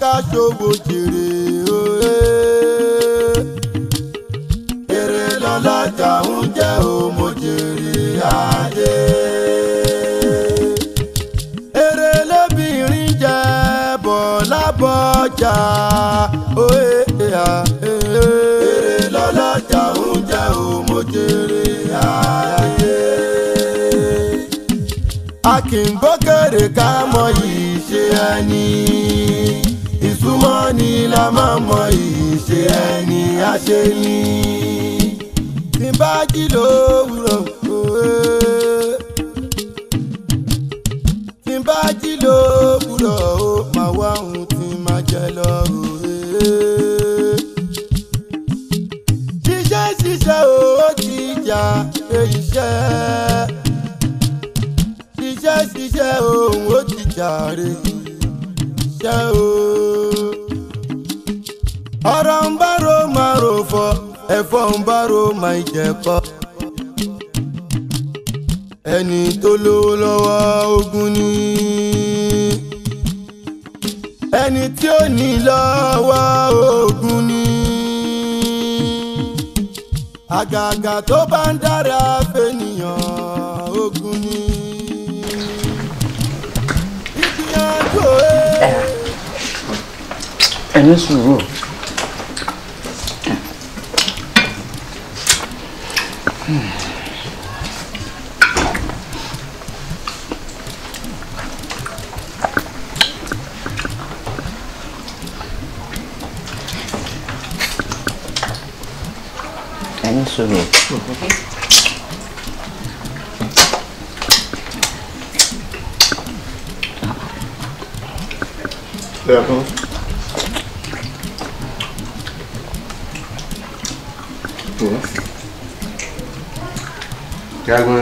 ká ṣòwò jèrè òye. Jèrè lọ́lájà ń jẹ́ òmò jèrè ayé. Èrè lóbìnrin jẹ́ bọ̀lábọ̀jà òye. Èrè lọ́lájà ń jẹ́ òmò jèrè ayé. A kì í gbókèrè ká mọ ìṣe ẹni súnmọ́ ni la máa mọ ìṣe ẹni àṣẹ ni. tí bá jí lówùrọ̀. máa ń jẹ kọ́. ẹni tó lówó lọ́wọ́ ogun ni. ẹni tí ò ní lọ́wọ́ ogun ni. àgàgà tó bá ń dára fẹ́nìyàn ogun ni. ìgbìyànjú ẹ. ẹ ní sùúrù.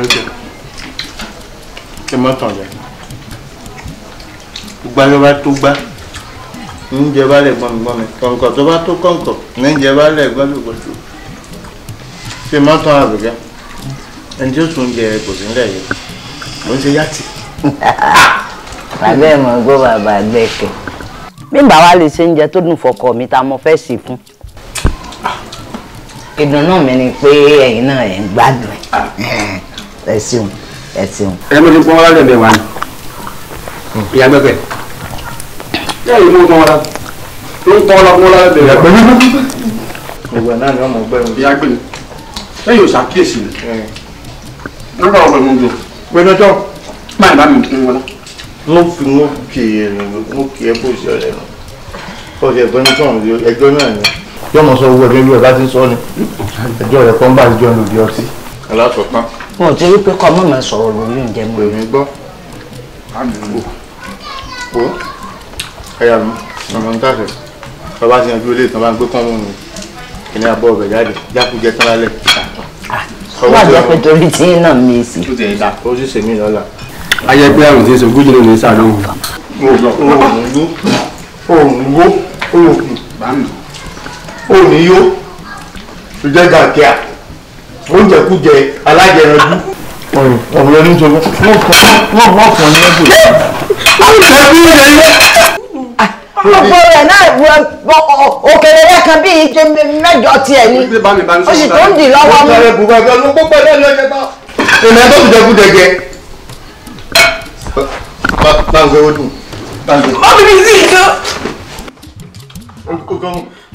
lókè kí n má tàn jẹ gbáyọ bá tó gbá oúnjẹ bá lẹ̀ gbọ́nmigbọ́nmi kọ̀ǹkọ̀ tó bá tó kọ̀ǹkọ̀ oúnjẹ bá lẹ̀ gbọ́nmigbọ́nmi kí n má tàn àbẹ̀gẹ́ ẹni tí ó tún jẹ kò sí nílẹ̀ yìí mò ń ṣe yàtì. bàbá ẹ̀ mọ̀ gbọ́ bàbá ẹgbẹ́ kẹ. bá wa lè ṣe oúnjẹ tó dùn fọkọ mi ta mo fẹ́ sí fún ìdùnnú mi ni pé ẹ̀yin náà ẹ̀ ń gbádùn ẹ̀ ah ẹ ṣeun ẹ ṣeun. ẹ mọ̀ ní pọ́n wọ́n lẹ́bẹ̀ẹ́ wa ni ìyá gbẹ́gbẹ́ ẹ yìí mú pọ́n wọ́n lọ ń pọ́n lọ pọ́n lẹ́bẹ̀ẹ́ wa. ìwà náà ni ọmọ ọgbẹ́ mi. ìyá gbẹ́ mi ẹ yóò ṣàkíyèsí ni wọ́n lọ́wọ́ pẹ̀lú oúnjẹ. pẹ̀lẹ́tọ̀ báyìí bá mi kí wọn. mo fi mo kì í mo kì í bó ṣe ọ̀rẹ́ mi ọ̀sẹ̀ ẹ̀gbọ́n ní sọ̀rọ̀ ẹjọ́ náà ni yọmọ sọ owó ẹgbẹ́ bí ọba ti sọ ni ẹjọ́ rẹ̀ kọ́ ń bá ìjọ ní òbí ọtí. alásọ̀tán mo ti rí pé kọ́ mọ̀ mọ̀ sọ̀rọ̀ lórí oúnjẹ mọ́. èmi gbọ́ àdúgbò ó ẹ̀yà mi ọmọ ń tàṣẹ bàbá ti yanjú ilé ìtàn bá ń gbé kán mú mi ìní àbọ̀ ọbẹ̀ jáde jákújẹ tán lálẹ́. wà ah, á jẹ́ pé torí tí iná mi sí. ó sì ṣe mí lọ́la. ayé pé àrùn ti ń sogún jìnnà ní sàlóhùn. òòrùn yó òòrùn yó òòrùn bá mi òòrùn yó ìjẹ́gà kíá oúnjẹkújẹ alájẹranjú ọ̀rọ̀ ọ̀rọ̀ ní sọ wọ́n kọ́ wọ́n wọ́n kọ́ ní ẹ̀kọ́ yìí. ṣẹ́bí ilẹ̀ ilẹ̀. gbogbo rẹ̀ náà òkèèrè rẹ̀ kan bíi ìje mẹ́jọ tiẹ̀ ni ó sì tó ń dì lọ́wọ́ mi. ọ̀rẹ́ bùkún ẹgbẹ́ ló gbogbo ẹgbẹ́ ló yẹ bá. ènìyàn tó ti jẹ kújẹ gẹ. báńkì owó dùn. báńkì. báńkì mi sì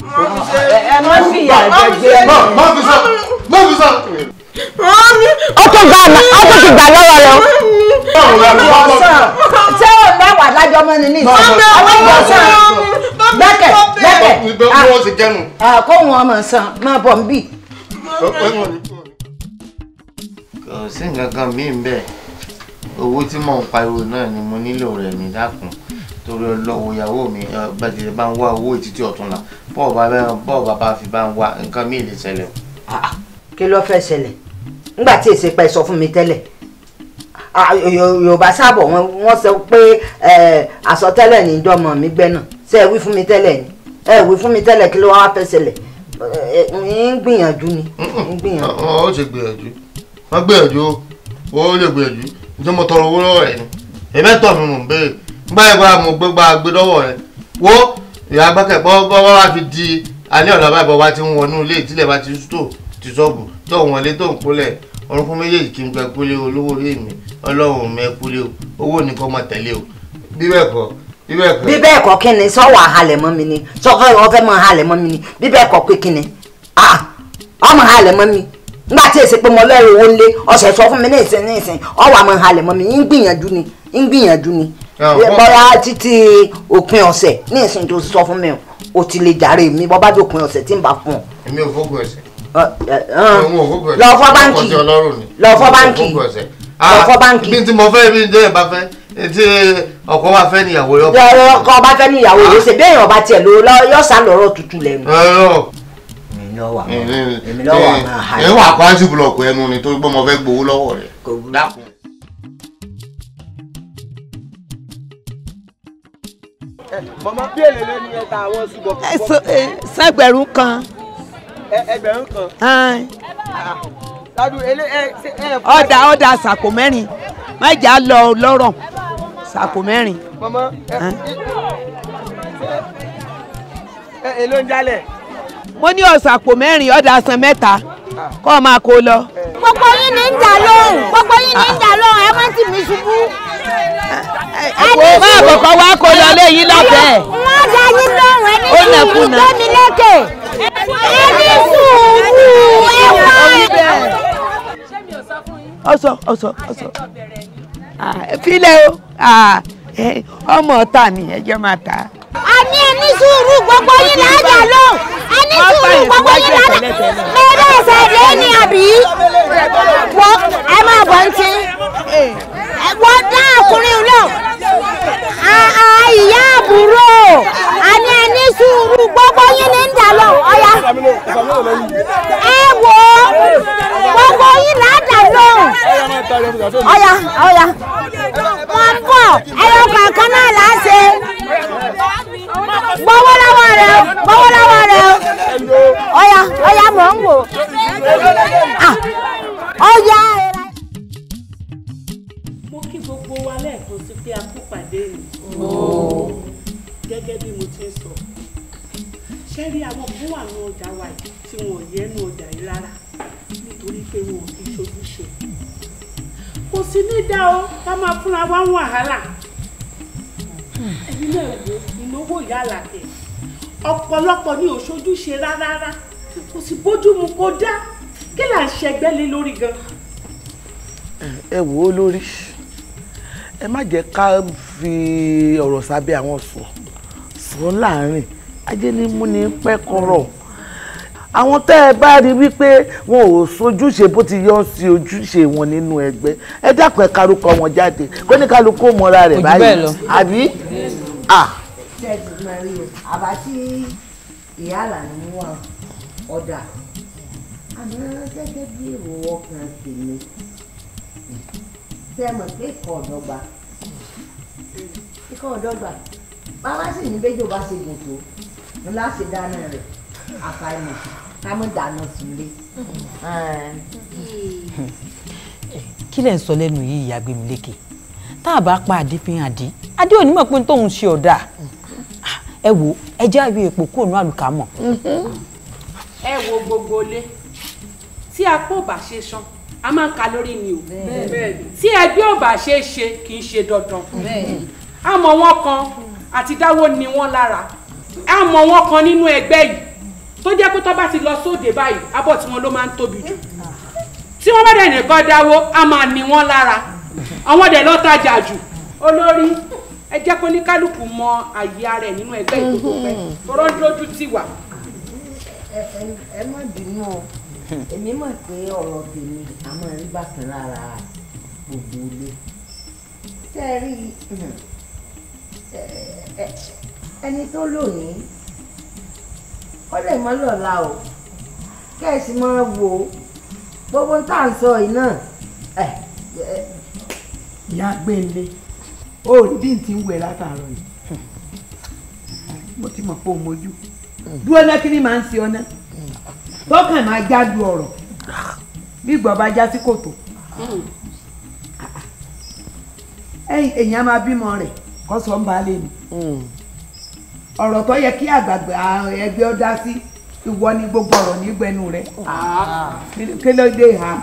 ọkọ̀ gbà ọkọ̀ ti gbà lọ́wọ́ lọ. ṣé o mẹ́wàá lájọ́ mọ́ni ní ìsìn ọmọ ìgbà sàn gbẹ́kẹ̀ gbẹ́kẹ̀ àkóhun ọmọ sàn máa bọ̀ ń bì. kò sí nǹkan kan míì bẹ́ẹ̀ owó tí mò ń pariwo náà ni mo nílò rẹ̀ mi dákun torí ọlọ́wọ́ ìyàwó mi bá ti bá ń wá owó ìtítí ọ̀tún la bọ́ọ̀ bá bẹ́ẹ̀ bọ́ọ̀ bàbá fi bá ń wá nǹkan míì lè ṣẹlẹ̀ o. Ah, ah. kí ló fẹ́ ṣẹlẹ̀ nígbà tí èsì pa ẹ̀ sọ fún mi tẹ́lẹ̀ ah, yorùbá sábọ̀ wọ́n sọ pé àsọtẹ́lẹ̀ ní ìjọmọ mi gbẹ́nà ṣé ẹ wí fún mi tẹ́lẹ̀ ni ẹ wí fún mi tẹ́lẹ̀ kí ló wá fẹ́ ṣẹlẹ̀ ń gbìyànjú ni ń gbìyànjú. ó ṣe gbìyànjú wọ́n gbìyànjú ó lè gbìyànjú nítorí mo tọrọ owó lọ́wọ́ rẹ̀ ni èmi tọ̀ mi mò ń béèrè nígbà gba mo gbé gba gbé lọ́wọ́ rẹ̀ wo ìyá agbákẹ́ bọ́ bọ́ wá fi di alẹ́ ọ̀la báyìí bọ́ wá ti ń wọnú ilé ìtílẹ̀ bá ti tó ti sọ́ọ̀bù tó ń wọlé tó ń kúnlẹ̀ orúnkún méjèèjì kí n gbẹ kúlé o olówó orí mi ọlọ́run mi kúlé o owó nìkan mọ̀ tẹ̀lé o bí bẹ́ẹ̀ kọ́ bí bẹ́ẹ̀ kọ́. bí bẹ́ẹ̀ kọ́ kí ni sọ́wọ́ àhalẹ̀ mọ́ mi ni sọ́fẹ́ ọfẹ́ mọ́ àhalẹ̀ mọ́ mi ni bí bẹ́ẹ̀ kọ́ pé kí ni ọmọ àhalẹ̀ mọ́ mi nígbà tí èsì pé mo lọ́ọ̀rọ̀ owó ńlé ọ̀sẹ̀ sọ fún mi ní ìsìn ní ìsìn ọwọ́ àmọ́ àhalẹ̀ mọ́ mi ń gbìyànjú ni ń gbìyànjú ni bọ́lá títí òpin ọ̀sẹ̀ ní ìsìn tó sọ fún mi o ti lè jàre mi bọ́ bá dé òpin ọ̀sẹ̀ tí n bá fún ọ. èmi ò fọ́gbọ̀ ẹ̀sẹ̀. lọ fọ́ báǹkì lọ fọ́ báǹkì lọ fọ́ báǹkì. bí ti mo fẹ́ bí jẹ́ ìbá fẹ́ tí ọkọ wa fẹ́ níyàwó yọ. ọkọ bá fẹ́ níyàwó yóò ṣe béèyàn bá tiẹ̀ lọ yọ sá lọ́rọ̀ tútù lẹ́nu. èmi lọ́wọ́ àmọ́ èmi lọ́wọ́ àmọ́ àyè. ẹ wà pàǹtí búlọ̀kù ẹnu ni mọ̀mọ́ bí èlé lé ní ẹ̀ta àwọn ṣùgbọ́n. sẹ́gbẹ̀rún kan. ẹgbẹ̀rún kan. ọ̀dà ọ̀dà sàkó mẹ́rin mẹ́jà lọ lọ́rọ̀ sàkó mẹ́rin. mọ̀mọ́ èló ń jalè. mo ní ọ̀sàkó mẹ́rin ọ̀dà san mẹ́ta kọ́ ọ máa kó lọ gbogbo yín ní ń jà lóhùn gbogbo yín ní ń jà lóhùn ẹ má tì mí ṣubú. ẹ̀wọ̀n máa kọ̀kọ́ wá kó lọ léyìn lọ́fẹ̀ẹ́. wọ́n dá yín lóhùn ẹni tí ìlú tó mi lékè ẹni sùúrù ẹ̀wọ̀n. ọ̀sọ̀ ọ̀sọ̀ ọ̀sọ̀ filẹ̀ o ọmọ ọ̀tá mi ẹ̀jẹ̀ máa ta a ní ẹni sùúrù gbogbo yín láàjà lò a ní sùúrù gbogbo yín láàjà mẹ́rẹ́ ẹ̀sẹ̀ lé ní àbí wọ́n ẹ máa bọ̀ ní ti wọ́n dá ọkùnrin náà ìyá àbúrò a ní. ọ̀pọ̀lọpọ̀ ni òṣojú ṣe rárá kò sì bójú mu kó dá kí là ń ṣẹgbẹ́ lé lórí gan. ẹ wò ó lórí ẹ má jẹ́ ká fi ọ̀rọ̀ sábẹ́ àwọn sọ sọ láàrin ajé ni mú ni pẹ́ kọ̀rọ̀ àwọn tẹ́ ẹ bá rí wípé wọn ò sojúṣe bó ti yọ sí ojúṣe wọn nínú ẹgbẹ́ ẹ dákun ẹ karúkọ wọn jáde kó ní kálukú mọ́ra rẹ̀ báyìí àbí. àbá ìyá àlàní mú wa ọ̀dà àmọ́ gẹ́gẹ́ bí èrò ọkàn tèmi tẹ́ mọ̀ pé ikọ̀ ọ̀dọ́gba ikọ̀ ọ̀dọ́gba bàbá sì ní bẹ́jọ́ bá ṣe gùn tó ńlá ṣe dáná rẹ̀ àfàìmọ̀ ká mọ̀ dáná sílé. kí lẹ̀ ń sọ lẹ́nu yìí ìyá gbẹ̀mí lékè tá a bá pa àdífín àdí àdí ò ní mọ̀ pé tóun ṣe ọ̀dà ẹ wo ẹ jẹ́ àyè èpò kúrò ní àlùkámọ̀. ẹ wo gbogbo ilé tí apá ò bá ṣe san a máa ń ka lórí ni o tí ẹgbẹ́ ò bá ṣe ṣe kì í ṣe dandan àmọ́ wọn kan àti dáwó ni wọ́n lára àmọ́ wọn kan nínú ẹgbẹ́ yìí tó jẹ́ pé tó bá ti lọ sóde báyìí abọ́ tí wọn ló máa ń tóbi jù tí wọ́n bá dẹ̀ nìkan dáwó a máa ni wọ́n lára àwọn dẹ̀ lọ́ọ́ tajà jù olórí ẹ jẹ́ kó ní kálukú mọ àyè ara ẹ̀ nínú ẹgbẹ́ ìdókòwò fẹ́ tọrọ lójú tì wá. ẹ má bínú o èmi mọ̀ pé ọ̀rọ̀ tèmi àmọ́ rí bákan lára gbogbo ilé tẹ́ ẹ rí ẹni tó lónìí ó lè mọ́ lọ́la o kẹ́ẹ̀sì máa wò ó gbogbo tá à ń sọ yìí náà ìyá gbẹ̀ǹlẹ̀. ó rí bí n ti ń wẹ̀ mo ti mọ̀ pé o mojú dúró náà ni màá ń ṣe ọ́nà tọ́kàn máa jáde ọ̀rọ̀ bí bá já sí kòtò bímọ rẹ̀ sọ ń ọ̀rọ̀ tó yẹ kí àgbàgbà ẹgbẹ́ ọ dá sí ìwọ ni gbogbo ọ̀rọ̀ ah. ha.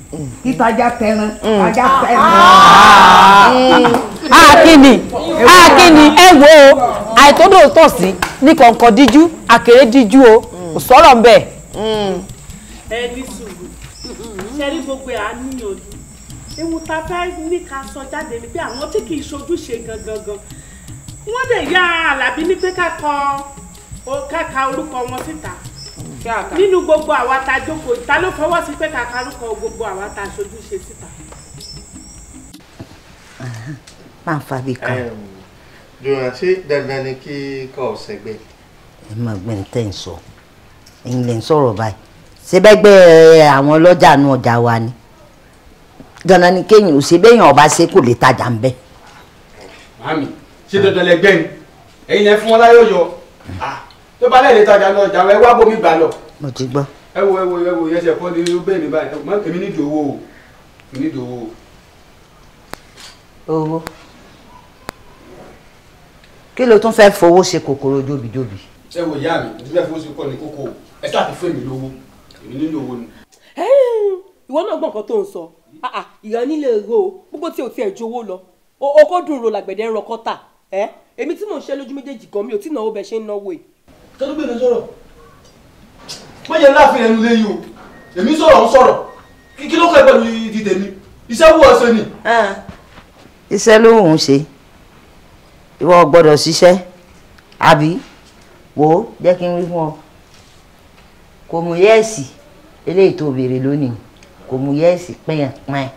ìtọ́ mm. ajá tẹran ajá ah, tẹran. akínni ah, akínni ah, ẹ wo àìtódòótọ́ sí ní kọ̀ọ̀kan díjú àkèré díjú o kò sọ̀rọ̀ ńbẹ̀. Mm. ẹ ní sùúrù ṣe rí gbogbo àánú yòókù ewu ta fẹ́ ní ká sọ jáde ni pé àwọn tí kì í ṣojúṣe gangan gan wọ́n lè yá Àlàbí ní pé ká kọ ká ka orúkọ wọn síta nínú gbogbo àwa ta jókòó ta ló fọwọ́ sí pé kàkárúkọ gbogbo àwa ta aṣojú ṣe síta. máa ń fa bí kan. jọ̀wọ́ ṣé dandan ni kí kọ́ ọ sẹ́gbẹ́. ẹ máa gbẹ́ ní tẹ́ ń sọ ẹ̀yin lè ń sọ̀rọ̀ báyìí ṣébẹ́gbẹ́ àwọn ọlọ́jà nu ọjà wa ni dandan ni kéèyàn ò ṣe béèyàn ọba ṣe kò lè tajà ń bẹ. màámi ṣé dandan lẹgbẹ́ ẹ̀yin lẹ fún wọn láyọ̀ yọ hm. ah, tó bá lẹ́yìn ìtajà náà jà wọ́n ẹ wá bomi gbà lọ. mo ti gbọ́. ẹ wo ẹ wo ẹ wo yẹsẹ kọ́ ni bẹ́ẹ̀ mi báyìí mọ èmi nídìí owó o mi nídìí owó o. owó kí ló tún fẹ́ fowó ṣe kòkòrò jóbijóbi. ẹ wo ìyá mi mo ti fẹ́ fowó ṣe kọ́ ni kókó ẹ sáà ti fún èmi lówó èmi nílò owó ni. ìwọ náà gbọ́ nǹkan tó ń sọ ah, ah, ìyá nílé ro gbogbo tí o tiẹ̀ ju owó lọ okó dùn ro làgbẹ̀dẹ̀ ń rọkọ́ta èmi tí mò ń ṣe lójú méjèèjì gan mi ò tí náwó bẹ́ẹ̀ ṣe ń náwó yìí tẹ́lú gbèrè sọ̀rọ̀ mọ̀jẹ̀ ńlá fi ẹnu lé yìí o èmi sọ̀rọ̀ ń sọ̀rọ̀ kí ló kẹ́ pẹ̀lú ti tèmi iṣẹ́ wù ọ́ ṣe ni. iṣẹ́ ló ń ṣe ìwọ gbọ́dọ̀ ṣiṣẹ́ àbí wò ó jẹ́ kí n wí fún ọ kò mú yẹ́ẹ̀sì eléyìí tó béèrè lónìí kò mú yẹ́ẹ̀sì pẹ́yàn pẹ́yàn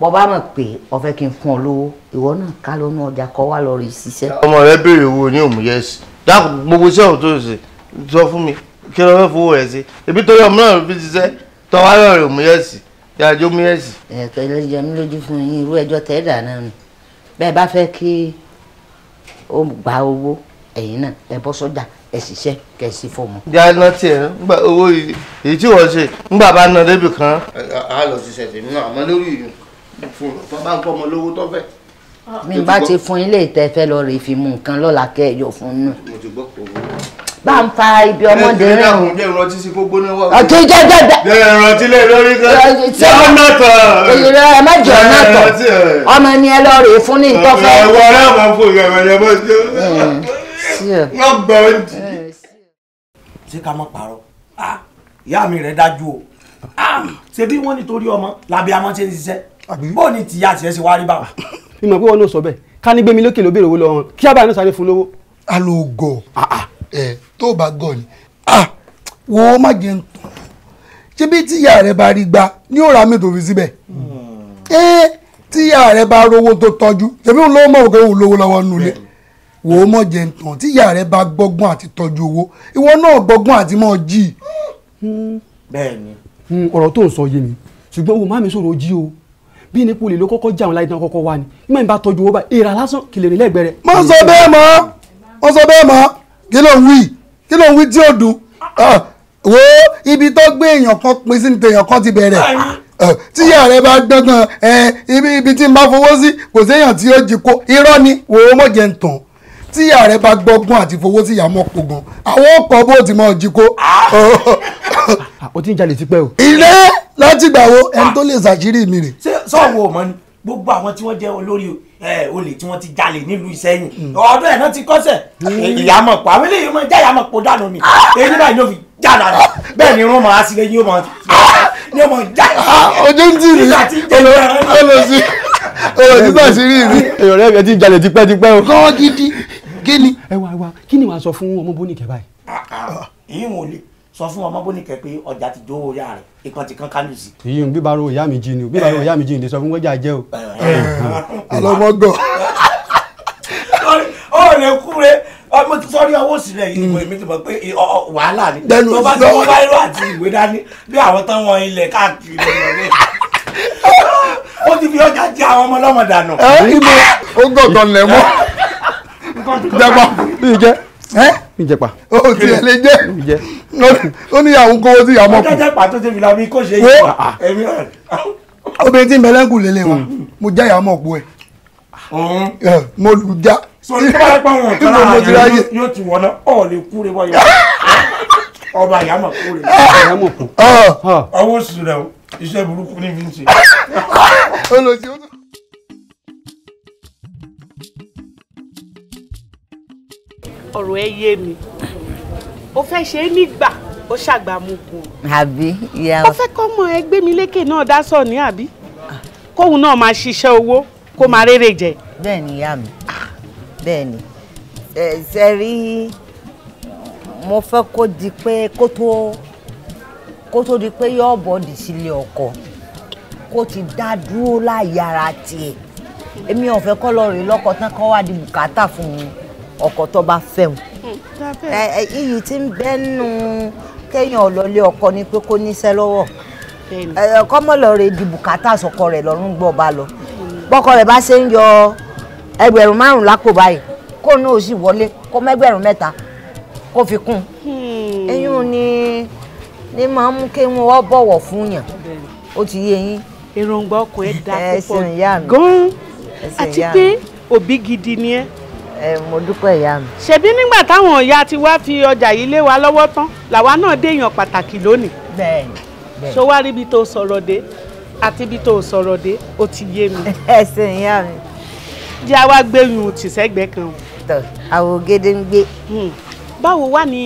bọ́ bá mọ̀ pé o fẹ́ kí n fún ọ lówó ìwọ náà ká lónú ọjà kọ́ wá lọ rí ṣiṣẹ́. ọmọ rẹ béèrè owó ní òmùyẹ́sì dákun gbogbo iṣẹ́ òun ṣe sọ fún mi kí ló fẹ́ fowó rẹ̀ sí ebi torí ọmọ náà fi ṣiṣẹ́ tọ́wárọ̀ rẹ̀ mú yẹ̀sì yàjọ mú yẹ̀sì. ẹ̀tọ́ ilé jẹ mí lójú fún yín irú ẹjọ́ tẹ́ dà náà nù bẹ́ẹ̀ bá fẹ́ kí ó gba owó ẹ̀yìn náà ẹ bọ́ sọ́jà ẹ ṣiṣẹ́ kẹ sí fọ́ọ̀mù. já iná tiẹ̀ ńgbà owó èyí tí wọ́n ṣe ńgbà bá ná débi kan. a lọ ṣiṣẹ́ tèmi náà àmọ́ lórí ìlú fún un bá ń pọ́ ọmọ lówó tó mi bá ti fún ilé ìtẹ́fẹ́ lọ rè fi mú nǹkan lọ́la kẹ́ ẹ̀yọ fún un. bá ń fa ibi ọmọdé rẹ. bí ẹ̀rọ ti sí kó gbóná wà. ọtí jẹjẹ dẹ. bí ẹ̀rọ ti lè lórí kan. yọ nàtọ. ìrẹ ẹ mẹjọ nàtọ ọmọ ni ẹ lọ rè fún ní ìtọ́fẹ́. ọ̀rọ̀ ẹ̀wọ̀ rẹ̀ máa ń fò ìyàwó ẹ̀rẹ̀ bó ṣe. wọ́n gbọ́ ọ́ jì. ṣé ká má parọ́ ìyá mi rẹ̀ dájú o ṣé bí wọ́n nítorí ọmọ làbí amọ́ ṣe ń ṣiṣẹ́ bó ni tìyá tiẹ̀ ṣe wá rí báwọn ìmọ̀ pé wọn náà sọ bẹ́ẹ̀ ká ní gbẹmí lókè ló béèrè owó lọ́wọ́ kí abáyé náà sáré fún lówó. alogo ah, ah. ẹ tó o bá gọ ni ah, wo má jẹ ń tán ṣé bí tíyà rẹ bá rí gbà ní òòrà mi tó fi síbẹ̀ hmm. ẹ tíyà rẹ bá rówó tó tọ́jú tẹ̀mí òun lówó mọ̀ òkè òun lówó lọ́wọ́ nulẹ̀ wo mọ̀ jẹ ń tán tíyà rẹ bá gbọ́gbọ́n àti tọ́jú owó ìwọ náà gbọ́gbọ́n àti mọ̀ jì. bẹ́ẹ̀ni. ọ̀rọ̀ tó ń sọ yé mi ṣùgbọ́n wo má mi sọ̀rọ̀ jí o bí ní poli ló kọ́kọ́ jáwọn láì dán kọ́kọ́ wá ni ìmọ̀ ìbá tọ́jú owó báyìí èèrà lásán kìlè rìn lẹ́gbẹ̀rẹ́. mo sọ bẹ́ẹ̀ mọ́ mo sọ bẹ́ẹ̀ mọ́ kí ló ń wí kí ló ń wí tí ò dùn wo ibi tó gbé èèyàn kan pin sí ni tèèyàn kan ti bẹ̀rẹ̀ tí ìyá rẹ bá gbọ́ngàn ibi tí n bá fowó sí kò séèyàn tí ó jí kó irọ́ ni wò ó mọ̀ jẹ́ ń tàn tí ìyá rẹ bá gbọ́gbọ́n àti fowó sí ìyá mọ́ pogun àwọn ọkọ̀ bó ti mọ̀ jí kó. o ah. ah, ti ń jalè tipẹ́ o. ilé láti gbà wo ah. ẹni tó lè ṣàṣírí mi rè. sọ́wọ́ mọ́ ni gbogbo àwọn tí wọ́n jẹ́ olórí olè tí wọ́n ti jalè nílùú Ìṣẹ́yìn hmm. ọ̀dọ̀ ẹ̀ náà ti kọ́sẹ̀ hmm. ìyàmọ̀ pọ̀ àwọn eléyìí máa ń já ìyàmọ̀ pọ̀ dànù ni èyí ah. báyìí ló fi já dànù bẹ́ẹ̀ ni irun máa sí lẹ́yìn yóò máa yóò ah. máa já ìyàmọ̀ ojú ń tìrì olùsí olùsí náà sí rí rí èèyàn rẹ̀ ẹ̀ ti jalè tipẹ́tipẹ́ o. kọ́ gidi kí ni. ẹ wá wá kí ni wàá sọ fún ọmọ bóníkẹ́ báyìí. ìyín ò le sọ fún ọmọ bóníkẹ pé ọjà ti jó orí rẹ ìkan ti kan kánú sí. iye bíbaro ìyá mi jí ni bíbaro ìyá mi jí ni sọ fún wẹ́jà jẹ́ o. alọ́mọgbọ̀. ó lè kúre ọmọ tí sọ́rí ọwọ́ sí rẹ̀ yìí hmm. èmi ti mọ̀ pé wàhálà ni tó bá ti wọ́n bá irú àti ìwé dání bí àwọn tán wọn ilẹ̀ káàkiri lọ́rẹ́ ó ti fi ọjà jẹ àwọn ọmọ ọlọ́mọ dànù. ẹ ibo ó gbọ̀ngàn lẹ̀ mọ́ jẹ́ bá bí jẹ́ mi jẹ pa. o ti ẹ lè jẹ ó ní ìyàwó kówó sí ìyàmọ kù. ọjọ́ jẹ́ pàtó tèmi la mi kò ṣe yìí wá èmi náà. obìnrin tí ń bẹ lẹ́kùn lélẹ̀ wọn hmm. mo já ìyàmọ̀ pọ̀ ẹ̀ mo lù já. sọ ní bá pa wọn tọ́lá àyàn yóò ti wọ́n náà ọ̀ lè kú rẹ bọ́yá ọba ìyàmọ̀ kú rẹ. Ah! Ah! Ah! ọwọ́ sùn rẹ̀ iṣẹ́ burúkú ní fi ń ṣe. ọ̀rọ̀ ẹ yé mi ó fẹ́ ṣe é nígbà ó ṣàgbàmukù. àbí ìyá wa. ó fẹ́ kọ́ ọmọ ẹgbẹ́ mi lékè náà dá sọ àbí kóun náà máa ṣiṣẹ́ owó kó máa rere jẹ. bẹ́ẹ̀ ni ìyá mi bẹ́ẹ̀ ni ṣe rí mo fẹ́ kó di pé kó tó kó tó di pé yóò bọ̀dì sílé ọkọ kó ti dá dúró láyàrá tiẹ̀ èmi ò fẹ́ kọ́ lọ rè lọ́kọ tán kọ́ wá di bùkátà fún mi ọkọ tó bá fẹ́ wọn. Hmm. iyì tí ń bẹ́nu kéèyàn ọlọ́lé ọkọ ni pé kó níṣẹ́ lọ́wọ́ kọ́mọ̀lọ́ rẹ̀ di bùkátà sọkọ rẹ̀ lọ́rùn gbọ́ bá lọ bọ́kọ rẹ̀ bá ṣe ń yọ ẹgbẹ̀rún márùn-ún lápò báyìí kó náà sì wọlé kó mẹ́gbẹ̀rún mẹ́ta kó fi kún hmm. eyín ni ni máa ń mú kí wọ́n bọ̀wọ̀ fún yàn ó ti yé yín. èròǹgbà ọkọ ẹ púpọ̀ gan-an àti pé òbí gidi ni ẹ́ ẹ mo dúpẹ́ ìyá mi. ṣebí nígbà táwọn ìyá ti wá fi ọjà yìí lé wa lọ́wọ́ tán làwa náà déèyàn pàtàkì lónìí. bẹ́ẹ̀ni bẹ́ẹ̀ni. ṣó wá rí ibi tó sọ̀rọ̀ dé àti ibi tó sọ̀rọ̀ dé ó ti yé mi. ẹ ṣe ìyá mi. jẹ́ àwa gbẹ̀yìn tìṣẹ́gbẹ́ kan. tọ àwògede ń gbé. Hmm. báwo wà ní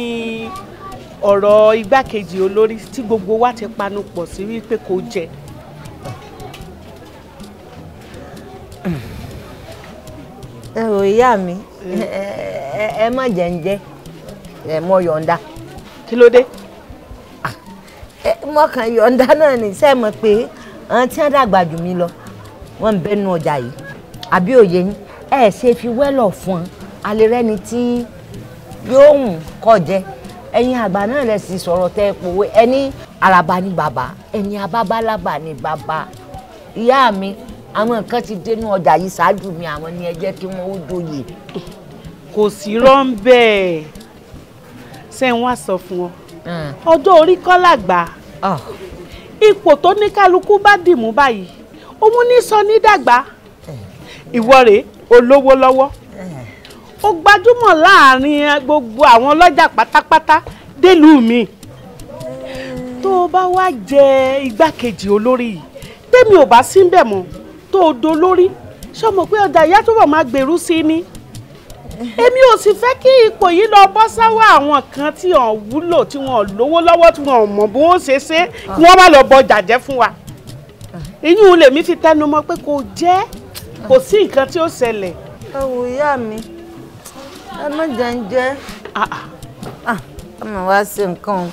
ọ̀rọ̀ igbákejì olórí tí gbogbo wa ti panu pọ̀ sí wípé kò jẹ ẹ ò ìyá mi eh. ẹ má jẹ́ ń jẹ́ ẹ mọ yọ̀ǹda. kí ló dé. Ah, ẹ mọ̀kàn yọ̀ǹda náà ni ṣe mọ̀ pé àwọn tí wọ́n dàgbà jù mí lọ wọ́n ń bẹ́nu ọjà yìí àbí òye yín ẹ ṣe fi wẹ́lọ̀ fún un alẹ́ rẹ́ni tí yóò hùn kọ́ jẹ́ ẹ̀yin àgbà náà lẹ sì sọ̀rọ̀ tẹ́ ẹ pòwe ẹni àràbà ni bàbá ẹni abábálábà ni bàbá ìyá mi àwọn nǹkan ti dé ní ọjà yìí ṣáájú mi àwọn ni ẹ jẹ́ kí wọ́n ó doyè. kò sí rọ́ńbẹ́ ṣé ń wá sọ fún ọ ọjọ́ orí kọ́ làgbà ah. ipò tó ní kálukú bá dìmú báyìí òun ní sọ ní dàgbà ìwọ rèé olówó lọ́wọ́ ó gbajúmọ̀ láàrin gbogbo àwọn ọlọ́jà pátápátá délùú mi tó o bá wá jẹ igbákejì olórí yìí tèmi ò bá sí ń mọ́ tó o do lórí ṣé mo pé ọ̀dà ìyá túbọ̀ máa gbèrú sí ni èmi ò sì fẹ́ kí ipò yìí lọ bọ́ sáwọ́ àwọn kan tí wọ́n wúlò tí wọ́n lówó lọ́wọ́ tí wọ́n mọ̀ bó ń ṣe ṣe kí wọ́n má lọ bọ jàjẹ́ fún wa ìyún lèmi fi tẹnu mọ́ pé kò jẹ́ kò sí nǹkan tí ó ṣẹlẹ̀. ẹ wò ìyá mi ẹ má jẹ ń jẹ ah, ah. ah, ẹ mọ̀ wá ṣe nǹkan o.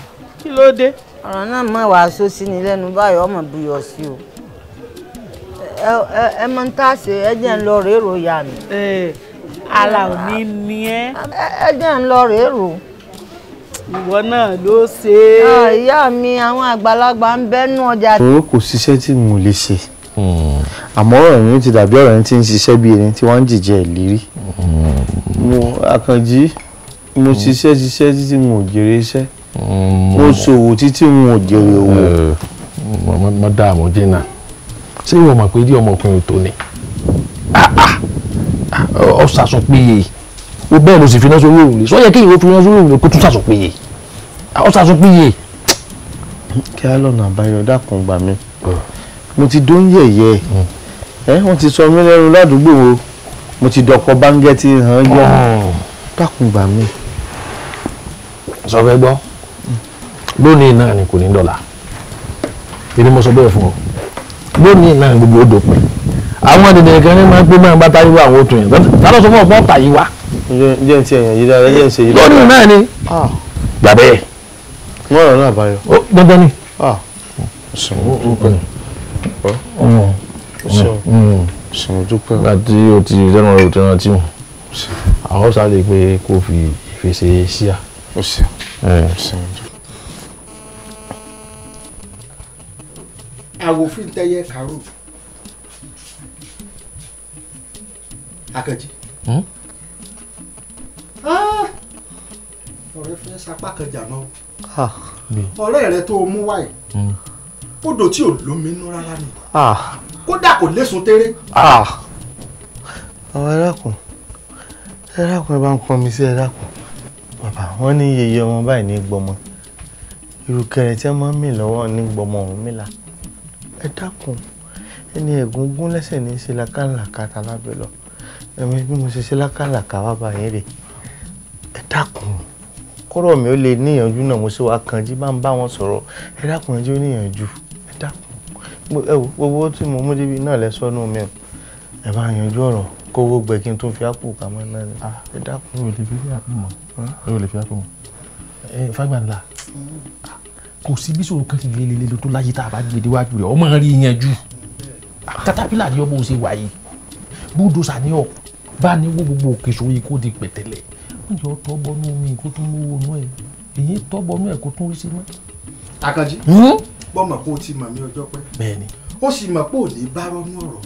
kí ló dé. ọ̀rọ̀ náà mọ̀ wàá sósì ní lẹ́nu báyọ̀ ọmọ buyọ̀ sí o. ẹ mọ tá a ṣe ya mi. ara ò lọ rèé ro. náà ló se é. ìyá mi àwọn àgbàlagbà ń bẹ́nu ọjà. òwe tí mo le se àmọ́ ọ̀rọ̀ yẹn ti dàbí ọ̀rọ̀ yẹn ti ń ṣiṣẹ́ bí ẹni tí wọ́n ń jìjẹ́ ìlérí mo àkànjí mo ṣiṣẹ́ ṣiṣẹ́ títí mo jèrè iṣẹ́ mo ṣòwò títí mo jèrè owó. mo jìnnà. ṣé ìwọ mọ̀ pé ilé ọmọkùnrin tó ni ọ sàsọpéye o bẹ́ẹ̀ ló sì fi náà sórí òrùlé sọ yẹ kí ìwé fi náà sórí òrùlé kó tún sàsọpéye ọ ah, sàsọpéye. kí á lọ́nà àbáyọ dákun gbà mí hmm. mo ti dó ń yẹ̀yẹ́ hmm. ẹ wọ́n ti sọ mí lẹ́nu ládùúgbò wo mo ti dọ̀pọ̀ báńgẹ́tì hàn yọ hmm. dákun gbà mí. sọ fẹ́ gbọ́ lónìí náà ni kò ní dọ̀là èmi mo sọ bẹ́ẹ̀ fún ọ lónìí náà gbogbo odò pẹ̀ àwọn dèdè kan ní máa ń pé máa ń bá táyé wá àwọn òtún yẹn tálọ́ sọ fún ọ̀pọ̀ tàyé wá. jẹ́ ti ẹ̀yàn yìí dára jẹ́ ti ṣe yìí dára. lónìí náà ni ah. gbàgbé yẹ. wọ́n rọ̀ náà báyọ̀. ó dandan ni. Ah. sùn dúpẹ́. àti o ti ìjọba rẹ̀ o ti rántí wọn. àwọn sáré pé kó fi fèsì síà. ó sì ń sùn dúpẹ́. àwòfin tẹyẹ kàró akànjì hm? ah! ọ̀rẹ́ fẹ́ sapá kan jàmọ́ ah, ọ̀rẹ́ rẹ tó o mú wáyé hmm. odò tí ò lómi nú rárá ni ah. kódà kò lésun téré. àwọn ẹlẹ́kùn ẹlẹ́kùn ẹ bá ń pọn mi sí ẹlẹ́kùn bàbá wọn ní yeye ọmọ báyìí ní gbọmọ irú kẹrẹ tí wọn máa ń mì lọ́wọ́ ní gbọmọ ọ̀hún mi là ẹ dákun ẹni ẹ̀gúngún lẹ́sẹ̀ ní í ṣe lákàlàkà tálábẹ̀ lọ ẹ̀mí bí mo ṣe ṣe lákàlàkà wá báyìí rè ẹ dákun kọ́rọ̀ mi ò lè níyànjú náà mo ṣe wá kànjí bá ń bá wọn sọ̀rọ̀ ẹ dákun ẹjọ́ níyànjú ẹ dákun ẹ wò gbogbo tí mo mú débi náà lẹ́sọ́nù mi ò ẹ bá yanjú ọ̀rọ̀ kówó gbẹ kí n tó fi ápù kàmọ́ náà ni ah, ẹ dákun. ẹ ò lè fi ápù mọ́ ẹ ò lè fi ápù mọ́ ẹ fagbá kò sí bí sòrò kan ti lé lélẹ́ tó láyé tá a bá gbèdé wájú rẹ̀ ọmọ rí yanjú katapila ni ọmọ òsè wáyé búdòsà ni ọ bá ní wó gbogbo òkè sórí kó di pẹ̀tẹ́lẹ̀ wọ́n jọ tọ́bọnú mi kó tún mú wọnú ẹ̀ èyí tọ́bọnú ẹ̀ kó tún rí sí mọ́. Àkànjí bọ́mọ̀ kó o ti mọ̀ mí ọjọ́ pẹ́ bẹ́ẹ̀ni ó sì mọ̀ pé ò bá rọ́nú ọ̀rọ̀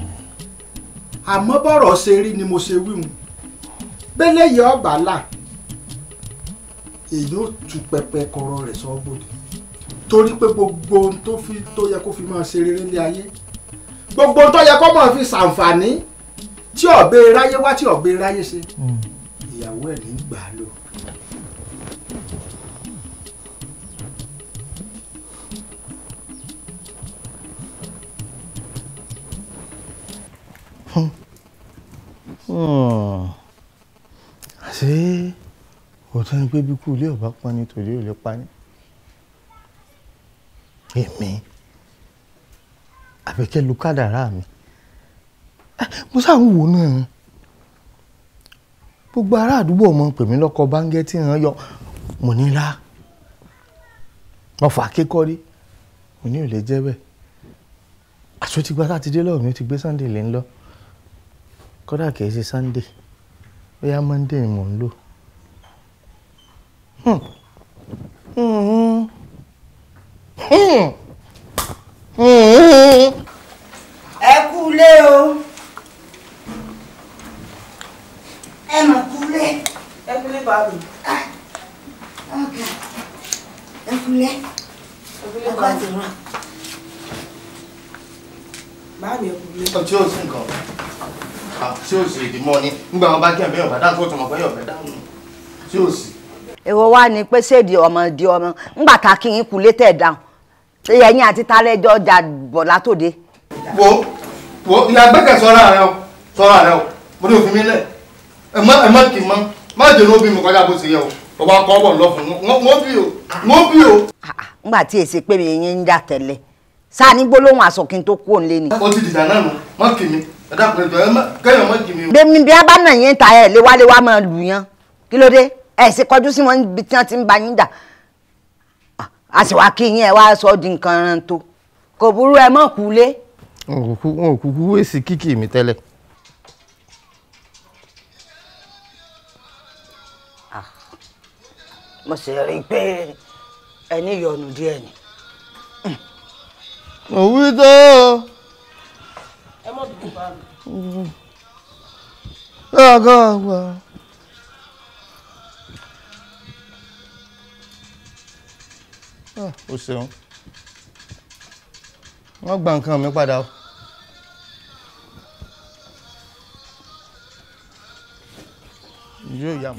mi àmọ́ bọ́rọ̀ ṣe rí ni mo ṣe wí mu bẹ́lẹ̀ yẹ ọ̀bà là èyí ò tu pẹpẹ kọ̀rọ̀ rẹ̀ sọ́gbòdì torí pé gbogbo ohun tó fi tó yẹ kó fi máa ṣe rere ní ayé gbogbo ohun tó yẹ kó máa fi ṣàǹfààní tí ọ̀bẹ ráyé wá tí ọ̀bẹ ráyé ṣe hmm. ìyàwó ẹ̀ ní gbà á lò. Oh. Hmm. Hmm. òótọ́ ni pé bí kú ilé ọba pọn ni tòde ò lè pa ni èmi àbẹ̀kẹ́ lu kádàrá mi ah, mo sáà ń wò náà gbogbo ará àdúgbò ọmọ pè mí lọ́kọ báńgẹ́ tí ràn yọ mo ní rà ọ̀fà kékọ́rí mo ní ò lè jẹ́ bẹ́ẹ̀ àṣọ ti gba sátidé lọ́wọ́ mi ó ti gbé sunday lé ń lọ kódà kìí ṣe sunday bóyá monday ni mò ń lò ẹ kú lé o ẹ mà kú lé ẹ kú lé bàbá ẹ kú lé ẹ kú àti ràn. Báàmì ẹkùn lé. Ọjọ́ òsì nǹkan. Ṣé òsì èdè mọ́ ni? Nígbà wọn bá kí ẹ̀bẹ́ ọ̀bá dáhùn tó tọmọ pé ọ̀bẹ dáhùn. Ṣé òsì? èwo wá ni pé ṣèdí ọmọ di ọmọ ńgbà tá kí yín kú létẹ̀ dáhùn ẹ̀yìn àti tálẹ́jọ́ jà bọ̀ látòde. wo wo ìyá gbẹ́kẹ̀ sọ́ra rẹ o sọ́ra rẹ o mo ní òfin mi lẹ̀ ẹ má ẹ má kì í mọ́ má jẹ́ ló mi kọjá bó ṣe yẹ o bàbá kọ́ bọ̀ lọ fún bí o wọn ah, ah, tí èsì pé mi yín ń dà tẹ́lẹ̀ sáà ní gbólóhùn aṣọ kí n tó kú òun lé ni. ó ti dìjà náà nù má kì mí ẹ dákun ẹ jọ ẹ má kẹyàn má kì mí o. bẹ́ẹ̀ bí a bá ta ẹ̀ léwáléwá máa lù yán kí ló dé ẹ sì kọjú sí wọn níbi tí wọn ti ń ba yín dà a sì wá kí yín ẹ wá sọ di nǹkan ran tó kò burú ẹ mọ̀ kú lé. wọn ò kúkú wèsì kíkì mi tẹ́lẹ̀. Ah, mo sì rí i pé ẹni yọnu díẹ̀ ni. mo wí tó. ẹ mọ̀ bí mo bá mi. ẹ ọgọ́ wa. Ah, o ṣeun wọ́n gba nǹkan mi padà o. yóò yà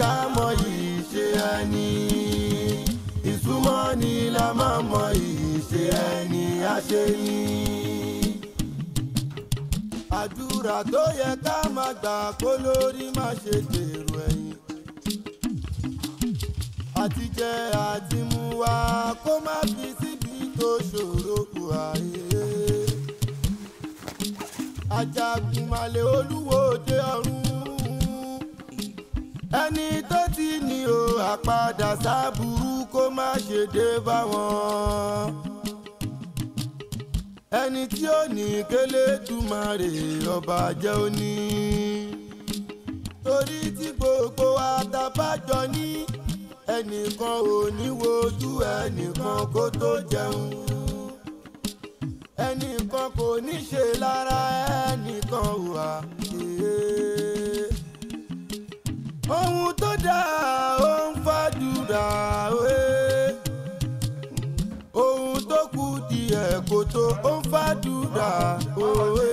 ká mọ yìí ṣe ẹni ìsúnmọ́ ni la máa mọ yìí ṣe ẹni àṣẹ àdúrà tó yẹ ká máa gbà kó lórí má ṣe dèrò ẹ̀yìn àtijẹ àtimuwa kó má fi síbi tó ṣòro kù àyè. Ajagunmalè olúwo dé ọ̀run ẹni tó ti ní o àpadà sábúrú kó má ṣe dé bá wọn ẹni tí ó ní kélé dùmarè ọba jẹ́ òní torí tí gbogbo àtàbàjọ ní ẹnìkan ò ní wojú ẹnìkan kó tó jẹun ẹnìkan kò ní ṣe lára ẹnìkan wà ohun tó dáa ó ń fàdúrà ohun tó kù díẹ̀ kò tó ó ń fàdúrà òwe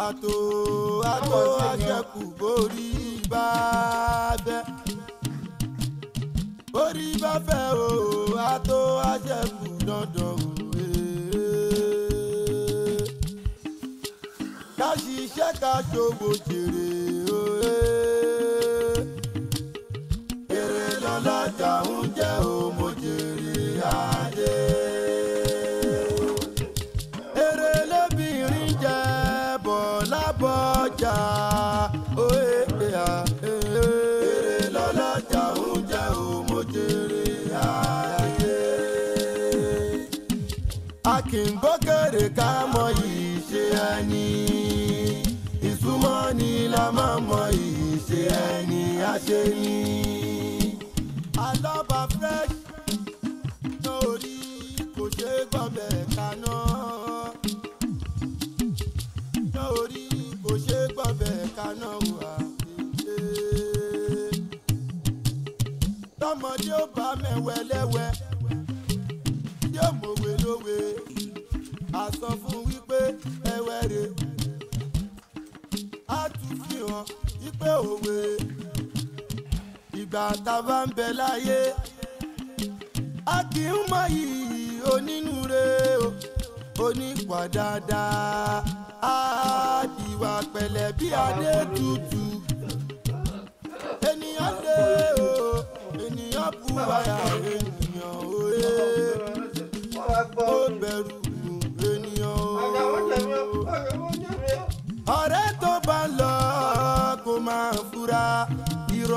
àtò àtò àṣẹkù borí bá bẹ́ borí bá fẹ́ o àtò àṣẹkù dandan òwe. Eh. ká ṣiṣẹ́ ká ṣòwò jèrè òwe. Eh. èrè lọ́lọ́jà ń jẹ́ òun. kì í gbókèrè ká mọ ìṣe ẹni ìsúnmọ́ ni la máa mọ ìṣe ẹni àṣẹ ni. alọ́ba fresh lórí kò ṣe é gbọ́bẹ̀ kaná. lórí kò ṣe é gbọ́bẹ̀ kaná wà ṣe. tọmọdé ó bá mẹ́wẹ́ yóò mọ̀wé lówe. ìgbà a bá ń bẹ láyé a kì í mọ iyì onínúure oníwà dáadáa àdìwà pẹ̀lẹ́ bí adé tutù ènìyàn lé o ènìyàn bu ara ènìyàn òye ó bẹ̀rù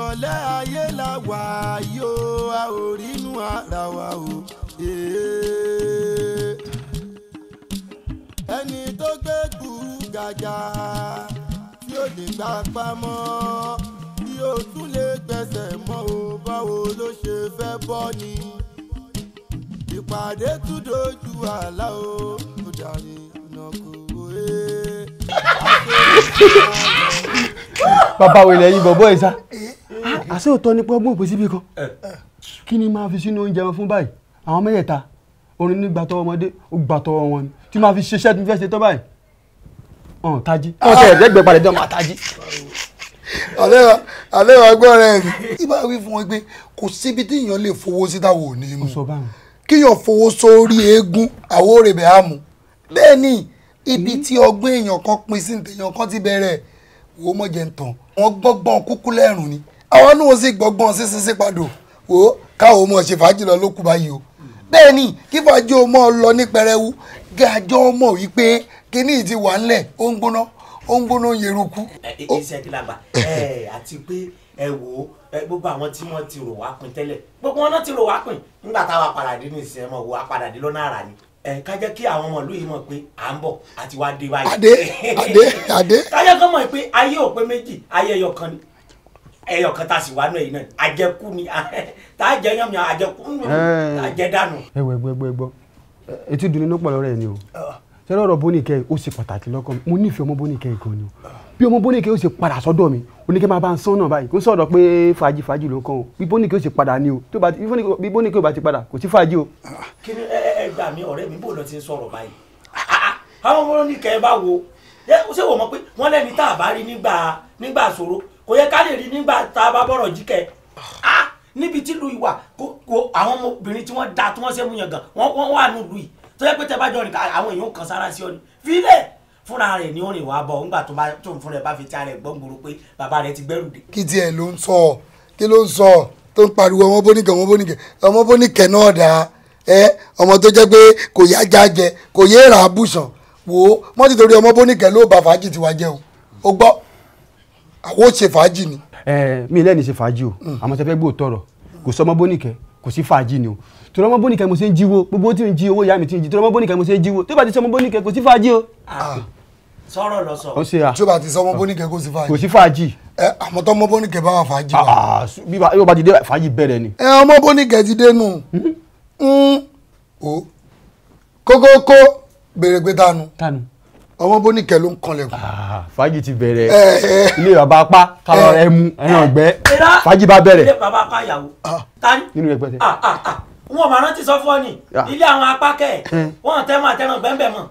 ìmọ̀lẹ́ ayé la wà yó a ò rínú ara wa o. Eh. ẹni tó gbé gbùrú gàgà tí ó lè gbà pamọ́ tí ó tún lè gbẹ̀sẹ̀ mọ́ o báwo ló ṣe fẹ́ bọ́ ni ìpàdé tún dojú àlá o ó dàrí nàkó òye. bàbá wo ilẹ̀ yìí bọ̀ bọ́ ìsá àṣé òótọ́ ni pé ọgbọ́n òpè síbi kan kí ni máa fi sínú oúnjẹ wọn fún báyìí àwọn mẹ́yẹ̀ta orin ní gbàtọ́ ọmọdé ó gbàtọ́ wọn ni tí máa fi ṣiṣẹ́ tí mo fẹ́ ṣe tọ́ báyìí ọ̀n tají. wọ́n ṣe ẹ̀dẹ́gbẹ́ padà dán máa tají. àlẹ́ wa gbọ́ rẹ̀ ni. ibà wí fún wọn pé kò síbi tí èèyàn lè fowó sí táwọn ò ní mú kíyàn fowó sórí eégún àwòrèbẹ̀ àmú bẹ́ẹ̀ ni ibi tí ọgbọ́n èèyàn kan pin sí ní tèèyàn kan ti bẹ̀rẹ̀ wò mọ̀jẹ̀ ń tàn wọ́n gbọ́gbọ́n kúkú lẹ́rùn ni àwọn náà sì gbọgbọn sísí sípadò wò ó káwọn ọmọ ṣe fàájì lọ ló kù báyìí o bẹ́ẹ̀ ni kí fàájì ọmọ lọ ní pẹrẹwu gàjọ ọmọ wípé kíní ti wà ńlẹ̀ ó ń gbóná ó ń gbóná yeruku. iṣẹ́ kí la gbà ẹ àti pé ẹ wò ó gbogbo àwọn tí wọ́n ti rò wá pin tẹ́lẹ̀ gbogbo wọn náà ti rò wá pin nígbà táwa padà dé ní ìsìn ẹmọ wò wá padà dé lọ́nà àrà ni ẹ ká jẹ́ kí àwọn ọmọ ìlú mọ̀ pé à ń bọ̀ àti wá dé báyìí. adé adé adé. ká jẹ́ kí wọ́n mọ̀ pé ayé ò méjì ayé ẹyọ kan ni ẹyọ kan tá a sì wá náà yìí náà àjẹkù ni tá a jẹ yànmù àjẹkù ni a jẹ dànù. ẹ wẹ gbẹ gbẹ gbọ etí dunni ló pọ̀ lọ́rọ̀ ẹ ni o sẹ́rọ̀ ọ̀rọ̀ bóníkẹ́ ó ṣe pàtàkì lọ́kàn mi mo nífẹ̀ẹ́ ọmọ bóníkẹ́ gan ni o bí ọmọ bóníkẹ́ o ṣe padà sọ́dọ̀ mi oníkẹ́ máa bá ń sọ́nà báyìí kó sọ̀rọ̀ pé fàájì fàájì ló kàn o bí bóníkẹ́ ó ṣe padà ni o bí bóníkẹ́ o. bá ti padà kò sí fàájì o. kí ni ẹ ẹ gbà mí ọ̀rẹ́ mi bò lọ ti ń sọ̀rọ̀ báyìí àwọn bóníkẹ́ bá wo ṣé wò mọ̀ pé wọ́n lẹ́ni tá a bá rí nígbà nígbà ṣòro kò yẹ ká lè rí nígbà tá a bá bọ̀rọ̀ jíkẹ́ ah, ah níbi tí lu ìwà kò àwọn ọmọbìnrin tí wọ́n da tí wọ́n ṣe mú yàn gan wọ́n wà nù lu yìí tó yẹ pé tẹ bá jọ rìn àwọn èèyàn kan sára sí ọ ni fílẹ̀ fúnra rẹ̀ ni ó rìn wá bọ̀ ńgbà tó ń fúnra rẹ̀ bá fi ti ara ẹ̀ gbọ́n gbòòrò pé bàbá rẹ̀ ti gbẹ́rù dé. kí tiẹ̀ ló ń sọ kí ló ń sọ tó ń pariwo ọmọ bóníkẹ ọmọ bóníkẹ ọmọ bóníkẹ náà dáa ẹ ọmọ tó jẹ́ pé kò yá jájẹ kò yé ra àbùsàn wò ó mọ́tì torí ọmọ bóníkẹ ló bá fàájì tiwa jẹun ó gbọ́ àwọn ò ṣe fàájì ni. ẹ mi lẹ́ni ṣe fàájì o mm. àmọ́ sẹ́fẹ́ gbò tọrọ kò sọmọ bónìkẹ́ kò sí fàájì ni o tọrọ ọmọ bónìkẹ́ mo ṣe ń jíwó gbogbo tí ń jí owó ìyá mi ti ń jí tọrọ ọmọ bónìkẹ́ mo ṣe ń jíwó tó bá ti sọmọ bónìkẹ́ kò sí fàájì o. Ah, sọ̀rọ̀ lọ sọ. ó ṣe à tó bá ti sọmọ bónìkẹ́ kò sí fàájì. kò sí fàájì. ẹ àmọ́ tó ọmọ bónìkẹ́ bá wà fàájì. Ah, ah, bí wọ́n bá ti dé fàájì bẹ̀rẹ̀ ni. ẹ ọmọ bónìkẹ́ ti dé nù. Mm-hmm. Mm, kókó bèrè pé tánu. tánu ọmọ bóníkẹ ló ń kanlẹ̀ kù. Ah, fàájì ti bẹ̀rẹ̀ eh, eh. ilé bàbá apá kálọ̀ rẹ mú eh, ẹran ọ̀gbẹ́ fàájì bá bẹ̀rẹ̀. ilé bàbá apá yàwó ah. tani nínú ẹgbẹ́ tẹ. Ah, wọn máa rántí sọ fún ọ ni ilé àwọn apá kẹ wọn tẹ máa tẹran bẹ́ẹ̀ mọ̀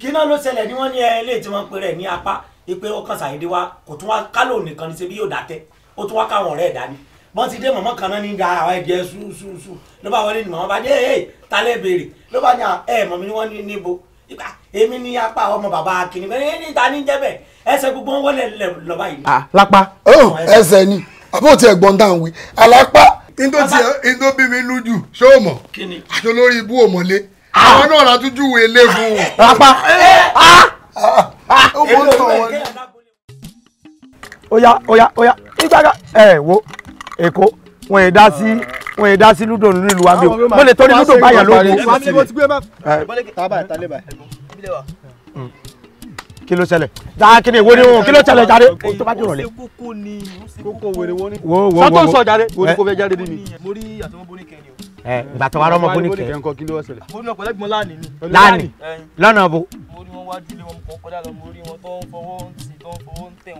kí náà ló ṣẹlẹ̀ ni wọ́n ní ilé tí wọ́n pe ní apá ipe ọkàn ṣàyẹ̀dẹ̀ wa kò tún wá kálò nìkan ní ṣe bí yóò dá tẹ ó tún wá káwọn ọ̀rẹ́ dání bọ́n ti dé mọ̀mọ́ kan náà ní da àwọn ẹ̀jẹ̀ ṣùṣùṣù ló bá wọlé ni mọ̀mọ́ bá dé ẹ̀ ta lẹ́ béèrè ló bá ní ẹ̀ mọ̀mí ni wọ́n ní níbo ìgbà èmi ní apá ọmọ bàbá akínní bẹ́ẹ̀ ní ìta ní jẹ́bẹ̀ ẹsẹ̀ gbogbo wọn wọlé lọ́ba yìí. a, ah, lápá. Oh, ẹsẹ̀ ni àbó tiẹ̀ gbọ́n dáhùn wí alápá. nítorí bí mi lójú ṣé o mọ̀ àti olórí ibú òmọ̀lé ah. àwọn náà la tún júwèé lé fún un. lápá ah. ó mọ̀ ń tọ̀ wọ́n. ó yá ó yá ó yá ìgbàgbà ẹ̀ wo èkó wọn ì dá sí wọn yẹn dá sí ludo nílùú wa mi o mo lè torí ludo báyà lóko kí ló ṣẹlẹ̀ dáa kí ni wo ni wọn kí ló ṣẹlẹ̀ jáde tó bá dìrọ̀lẹ́. kókó ni kókó wèrè wọn ni. sátó sọ jáde wo ni kò fẹ́ jáde nínú. mo rí àtọwọ́ borí kẹ́ni o ẹ ìgbà tó wà rọmọ bóníkẹ lánì lọ́nà bo.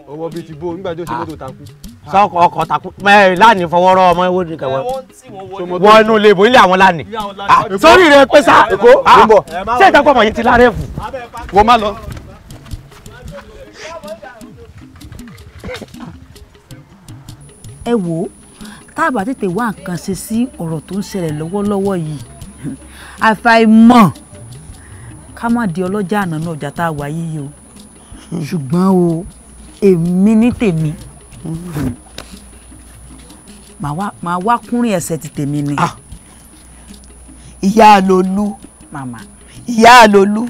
owó bíi ti bó nígbà tí ó ṣe mọ́tò takú. Ah. sọkọ ọkọ takú mẹ́rin lánì fọwọ́rọ́ ọmọ ewo nìkan wọ inú ilé ìbò ilé àwọn lánì. Ah, sórí rẹ pé sá ah, ṣé ìtàkùn ọmọ yìí ti lára ẹ̀ wọ́n má lọ. ẹ wò tá a bá tètè wá nǹkan ṣe sí ọ̀rọ̀ tó ń ṣẹlẹ̀ lọ́wọ́lọ́wọ́ yìí àfàìmọ̀ ká má di ọlọ́jà àná náà ọjà tá a wà yìí o ṣùgbọ́n o èmi ní tèmi màá wá kúnrin ẹsẹ̀ ti tèmi ni. Ah! ìyá àlòlú ìyá àlòlú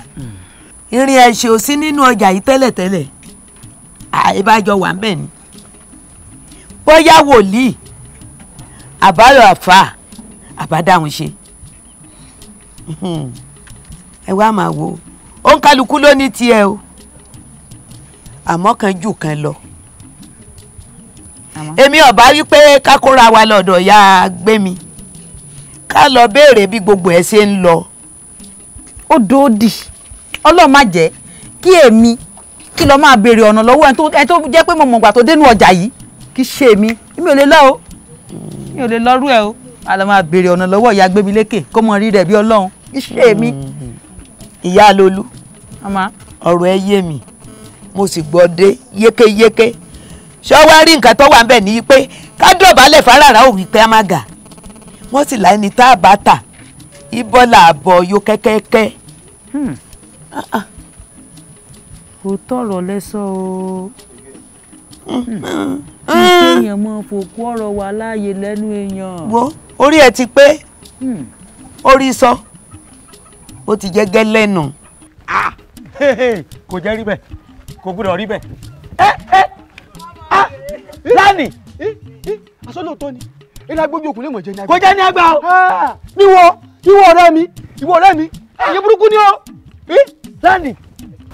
ìrìn ẹ̀ṣẹ̀ ò sí nínú ọjà yìí tẹ́lẹ̀tẹ́lẹ̀ àìbájọ ah, wà ń bẹ̀ ni bóyá wòlíì àbálò àfà àbádáhùn ṣe hmm. ẹ wá máa wo ó ń kálukú ló ní tiẹ̀ o àmọ́ kan jù kan lọ èmi ọba rí pé ká kóra wa lọ́dọ̀ ya gbé mi ká lọ béèrè bí gbogbo ẹ ṣe ń lọ. ó dòódì ọlọ́run má jẹ́ kí èmi kí lọ́ọ́ máa béèrè ọ̀nà lọ́wọ́ ẹni tó jẹ́ pé mo mọ̀gbà tó dénú ọjà yìí kì ṣe èmi èmi ò lè lọ mi ò lè lọ́rú ẹ o a lọ máa béèrè ọ̀nà lọ́wọ́ ìyá Gbémilékè kó mọ rí rẹ̀ bí ọlọ́run. iṣẹ́ mi ìyá lolú ọ̀rọ̀ ẹ yé mi mo sì gbọ́ dé yékéyéké ṣé ọ wá rí nǹkan tó wà ń bẹ̀ ní pé kádọ̀bálẹ̀ fáráàrá ò wí pé wọ́n sì láì ní tá tà ibọ́ là yó kẹ́kẹ́kẹ́. Hmm. Ah, ah. òótọ́ ọ̀rọ̀ lẹ sọ o tí kéèyàn mọ fòkú ọ̀rọ̀ wa láàyè lẹ́nu èèyàn. wo orí ẹ ti pé hmm. orí sọ ó ti jẹ gẹ́lẹ́ nù. kò jẹ́ rí bẹ́ẹ̀ kò gbọ́dọ̀ rí bẹ́ẹ̀. ẹ ẹ lánìí ni ilé agbójú òkú mọ̀ jẹ́ ní agbá. kò jẹ́ ní agbá o. níwọ ìwọ ọ̀rẹ́ mi ìwọ ọ̀rẹ́ mi ẹ̀yẹ burúkú ni o. lánìí.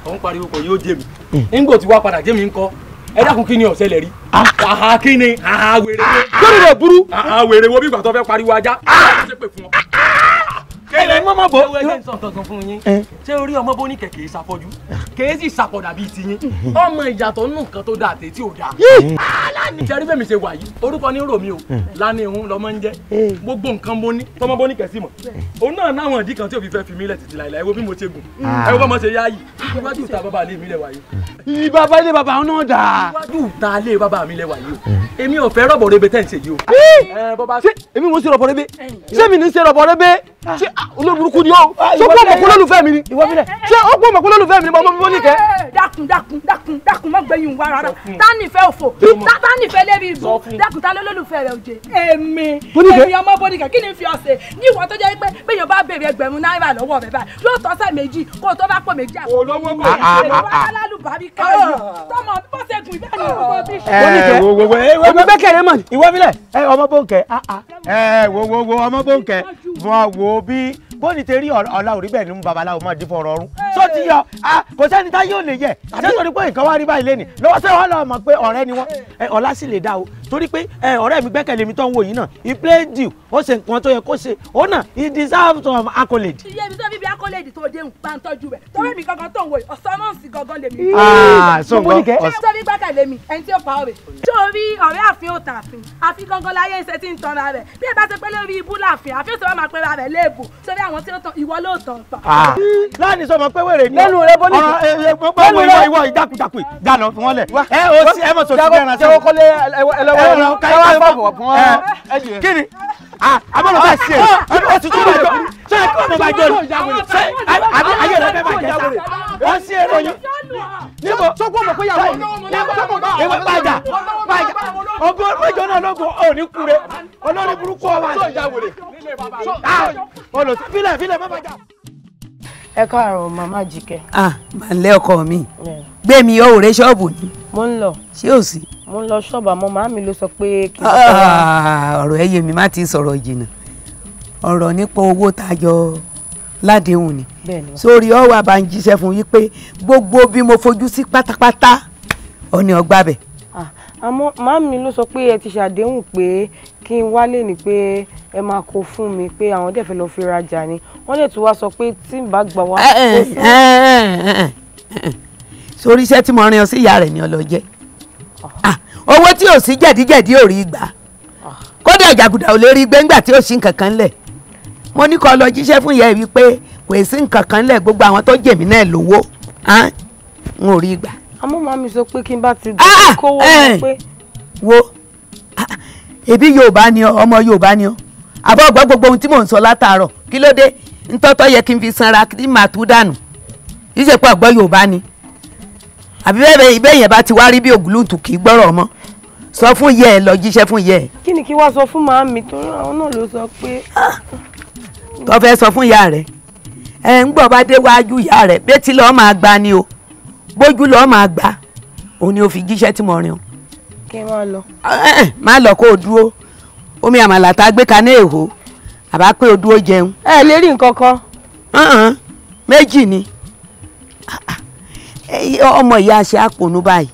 òun pariwo kò yóò jẹ mi. ń gbò tí padà jẹ́ mi ń kọ́ ẹ dákun kí ni ó ṣẹlẹ̀ rí. Ah. àhà kí ni àhà wèrè wo. kí ni ìbò burú. àhà wèrè wo bí ìgbà tó fẹ́ pariwo ajá. ó ah. ṣe pè fún ọ kẹlẹ mọ bo. bọ. ẹ wẹ́ẹ́ sọ kankan fún yín ṣé orí ọmọ ni. ní kẹ̀kẹ́ ìsapọ̀jù kèé sì sapọ̀dà bíi tiyín ọmọ ìyàtọ̀ nù kan tó dáa tètí ò dáa. sẹ́rí bẹ́ẹ̀ mi ṣe wà yìí orúkọ ní rò mí o lánàá ìhun lọ́mọ ń jẹ́ gbogbo nǹkan bó ní tọ́mọ bó ní kẹ̀sí mọ̀ òun náà náwọn ìdí kan tí òfin fẹ́ fi mí lẹ̀ títí láìláì wo bí mo ṣe gùn ẹ wo bá mo ṣe yá yìí ah. iwájú ìta bàbá ilé mi lẹ̀ wà yìí. ìbàbá ilé bàbá náà dà. iwájú ìta ilé bàbá mi lẹ̀ wà yìí o èmi ò fẹ́ rọ̀bọ̀ rebe tẹ́ ń ṣe yìí o. ṣé èmi mo ṣe rọ̀bọ̀ rebe ṣé mi ní ṣe rọ̀bọ̀ rebe ah. ṣé olórí burúkú ni ó ṣé ó pọ̀ lólùfẹ́ mi ni ṣé ó pọ̀ mọ̀kú lólùfẹ́ mi ni bọ́mọ bíbó nìkẹ́. dákun dákun dákun dákun má gbẹ̀yìn wa rárá tánìfẹ́ òfò tánìfẹ́ lérí ibù dákun tá lólùfẹ́ rẹ òjè èmi èmi ọmọ bónìkẹ́ kí ni fi ọ̀sẹ̀ ní ìwọ tó jẹ́ pé bẹ́yàn bá béèrè ẹgbẹ̀rún náírà lọ́wọ́ rẹ báyìí yóò tọ́sẹ̀ méjì kó tó bá pọ̀ méjì àpò olówó kò ah, ah, ah, eh, ní ṣe eh, eh, ìwọ wo wo ọmọ bóńkẹ fún wa wo bí bóni tẹ rí ọ̀la òrí bẹ́ẹ̀ nínú babaláwo máa dín fọ̀rọ̀ ọ̀run tó ti yọ kò sẹ́ni tá yóò lè yẹ ṣé torí pé nǹkan wá rí báyìí lẹ́nìí lọ́wọ́ sẹ́wọ́n á lọ mọ̀ pé ọ̀rẹ́ ni wọ́n ọ̀la sì lè dá o torí pé ọ̀rẹ́ mi gbẹ́kẹ̀lé mi tó ń wò yìí náà he play deal ó ṣe nǹkan tó yẹ kó ṣe ó náà he deserve some accolade. iye mi tó fi bí accolade tó déhùn bá ń tọ́jú rẹ̀ torí mi gangan ah, so nǹkan ọ̀sán. ṣé o fi gbẹ́kẹ̀lé mi ẹni tí ó pa ọ̀rẹ́ torí ọ̀rẹ́ àfin ò tààfin àfi gangan láyé iṣẹ́ tí ń tanra rẹ̀ bí ẹ bá ṣe àwọn tí ó tán ìwọ ló tán tán. láàánú sọ ma pé wèrè ni lẹ́nu rẹ bó ní ìlú ìwọ ìwọ ìdákùjákùí dáná fún wọn lẹ. ẹ o ti ẹ mọ sọ ti bẹ́ẹ̀ ránṣẹ́. jẹ́wọ́ kọ́lé ẹlẹ́wọ́ ẹlẹ́wọ́ káyọ̀ fún wọn. kí ni àbọ̀lọ̀ bá ṣe ọ ti tún bá jọ ṣe kí ọmọ bá jọ ni ṣe àbí ayé rẹ bẹ́ẹ̀ bá jẹ sá wọ́n ṣe èrò yín níbo sọ́kún ọmọ péyàwó ni níbo pàjà pàjà ọgbọ́n mẹ́jọ náà lọ́gùn òní kure olórí burúkú ọwọ́ àti ọlọ́sí fílẹ̀ fílẹ̀ má bàjá ẹ káàárọ̀ màmá Jíkẹ́. ah màá lé ọkọ mi gbẹ̀mí ọ̀rẹ́ ṣọ́ọ̀bù ni. mo ń lọ. ṣé o sí. mo ń lọ ṣọ́ọ̀bù àmọ́ màá mi ló sọ pé. Ah, ọ̀rọ̀ ẹ yé mi má ti sọ̀rọ̀ jìnnà ọ̀rọ̀ nípa owó tá a jọ ládéhùn ni sórí ọwọ́ àbájíṣẹ́ fún yí pé gbogbo bí mo fojú sí pátápátá ọ̀ni ọgbà bẹ̀ àmọ́ màámi ló sọ pé ẹ ti ṣàdéhùn pé kí n wálé ni pé ẹ máa kó fún mi pé àwọn dẹ̀ fẹ́ lọ́ọ́ fi rajà ni wọ́n dẹ̀ tún wá sọ pé tí n bá gbà wá. Eh, eh, eh, sórí iṣẹ́ tí mo rin ọ sí ìyá rẹ̀ ni ọ lọ jẹ́ ah. Ah, owó tí ò sí jẹ̀díjẹ̀dí ò rí gbà ah. kódà jàgùdà ò lè rí gbẹ́ngbà tí ò sí nǹkan kan lẹ̀ mo ní kó lọ jíṣẹ́ fún ìyá ẹ̀ wípé kò sí nǹkan kan lẹ̀ gbogbo àwọn tó jèmí náà lówó n ò rí gbà àmọ́ màmí sọ pé kí n bá ti dùn ah, ah, kówó mọ eh, pé. wo ah, ẹbí yorùbá ni ọ ọmọ yorùbá ni ọ àbọ̀ ọgbà gbogbo ohun tí mò ń sọ látàárọ̀ kí ló dé ntọ́tọ́ yẹ kí n fi sanra kí màá tú dànù ìṣèpọ̀ ọgbọ́n yorùbá ni àbí bẹ́ẹ̀ bẹ́ẹ̀ yẹn bá ti wá rí bí ògùlùtù kì í gbọ́rọ̀ mọ́ sọ fún yẹ ẹ lọ jíṣẹ́ fún yẹ ẹ. kí ni kí wàá sọ fún màá mi torí àwọn náà ló sọ pé. tó sọ fún ìyá rẹ̀ ẹ̀ ń gbọ́ bá déwájú ìyá rẹ̀ bẹ́ẹ̀ tí lọ́ọ́ máa gba ni o bójú lọ́ọ́ ma gba òun ni o fi jíṣẹ́ tí mo rìn o. kí n máa lọ. Eh, eh, má lọ kó o dúró omi àmàlà tá a gbé kaná èho àbá pé o dúró jẹun. ẹ lè rí nǹkan kan. méjì ni ah, ah. Eh, ọmọ ìyá ṣe àpònú báyìí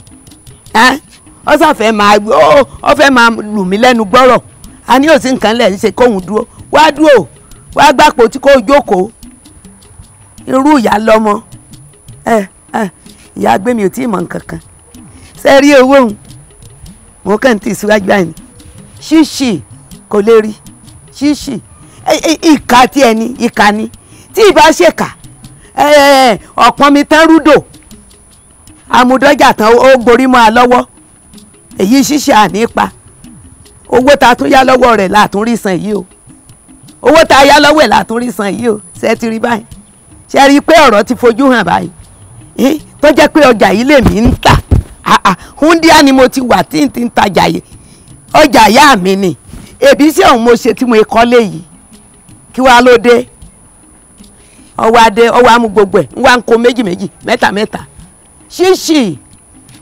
ó ṣàfẹ́ máa ó fẹ́ máa lù mí lẹ́nu gbọ́rọ̀ a ní òsín nǹkan lẹ̀ ń ṣe kóhun dúró wá dúró wá gbàpò tí kò jókòó irú ìyá lọ́mọ ẹ ìyá gbé mi ò tí ì mọ nǹkan kan ṣe rí owó òun mo kàn ti ìsúwájú àìní ṣíṣì kò lè rí ṣíṣì ìka tí ẹni ìka ni tí ìbá ṣèkà ọ̀pọ̀n mi tán rúdò amúdọ́jà tán ó gborí mọ́ a lọ́wọ́ èyí ṣíṣe àní pa owó ta tún yá lọ́wọ́ rẹ̀ látún rí san yìí o owó ta yá lọ́wọ́ ẹ̀ látún rí san yìí o ṣe ti rí báyìí ṣe rí i pé ọ̀rọ̀ ti fojú hàn báyìí tó jẹ́ pé ọjà yìí lèmi ń tà hundia ni mo ti wà tí n ti ń tajà yìí ọjà ìyá mi ni èbí sí ọ̀hún mo ṣe tí mo kọ́lé yìí kí wàá ló dé ọwọ́ adé ọwọ́ amú gbogbo ẹ̀ ń wá ń kó méjì méjì mẹ́ta mẹ́ta ṣíṣì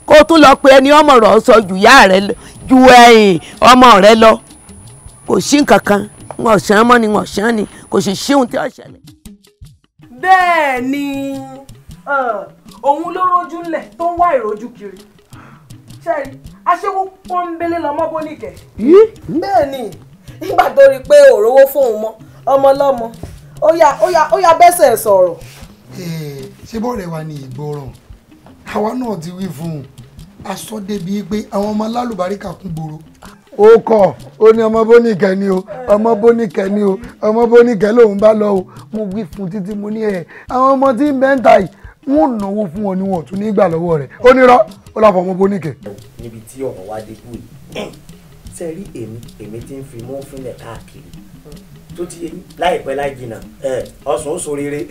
kó tún lọ pé ẹni ọmọ rẹ̀ sọ ju ìyá rẹ ju ẹ̀yìn ọmọ rẹ lọ kò sí nǹkan kan ọ̀sán ṣán mọ́ ni wọn ṣán ni kò sì ṣíhun tí ó ṣẹlẹ̀. bẹ́ẹ̀ ni. Eh, òun ló rojú ńlẹ̀ tó ń wá ìrojú kiri ṣẹ́ẹ̀rì aṣẹ́wó pọ́ńbélé lọ́mọ bóníkẹ́. bẹ́ẹ̀ ni nígbà tó rí i pé òróró fóun mọ́ ọmọ lọ́mọ ó yá ó yá ó yá bẹ́sẹ̀ sọ̀rọ̀. ṣé bọ́ọ̀rẹ̀ wa ni ìgbọràn àwa náà ti wí fún un aṣọ débi pé àwọn ọmọ alálùbáríkà kún gbòòrò ó kọ ó ní ọmọ bóníkẹ ni o ọmọ bóníkẹ ni o ọmọ bóníkẹ lòun bá lọ o mo wí fún títí mo ní ẹ àwọn ọmọ tí ń bẹ ń ta yìí wọ́n náwó fún ọ ni wọn tún ní gbà lọ́wọ́ rẹ̀ ó nírọ́ ó lọ́ fọmọ bóníkẹ́. níbi tí ọ̀rọ̀ wa dé kú yìí ṣe rí èmi èmi ti ń fi mú fúnlẹ̀ káàkiri tó ti láìpẹ́ láì jìnnà ọ̀sán ó so rere.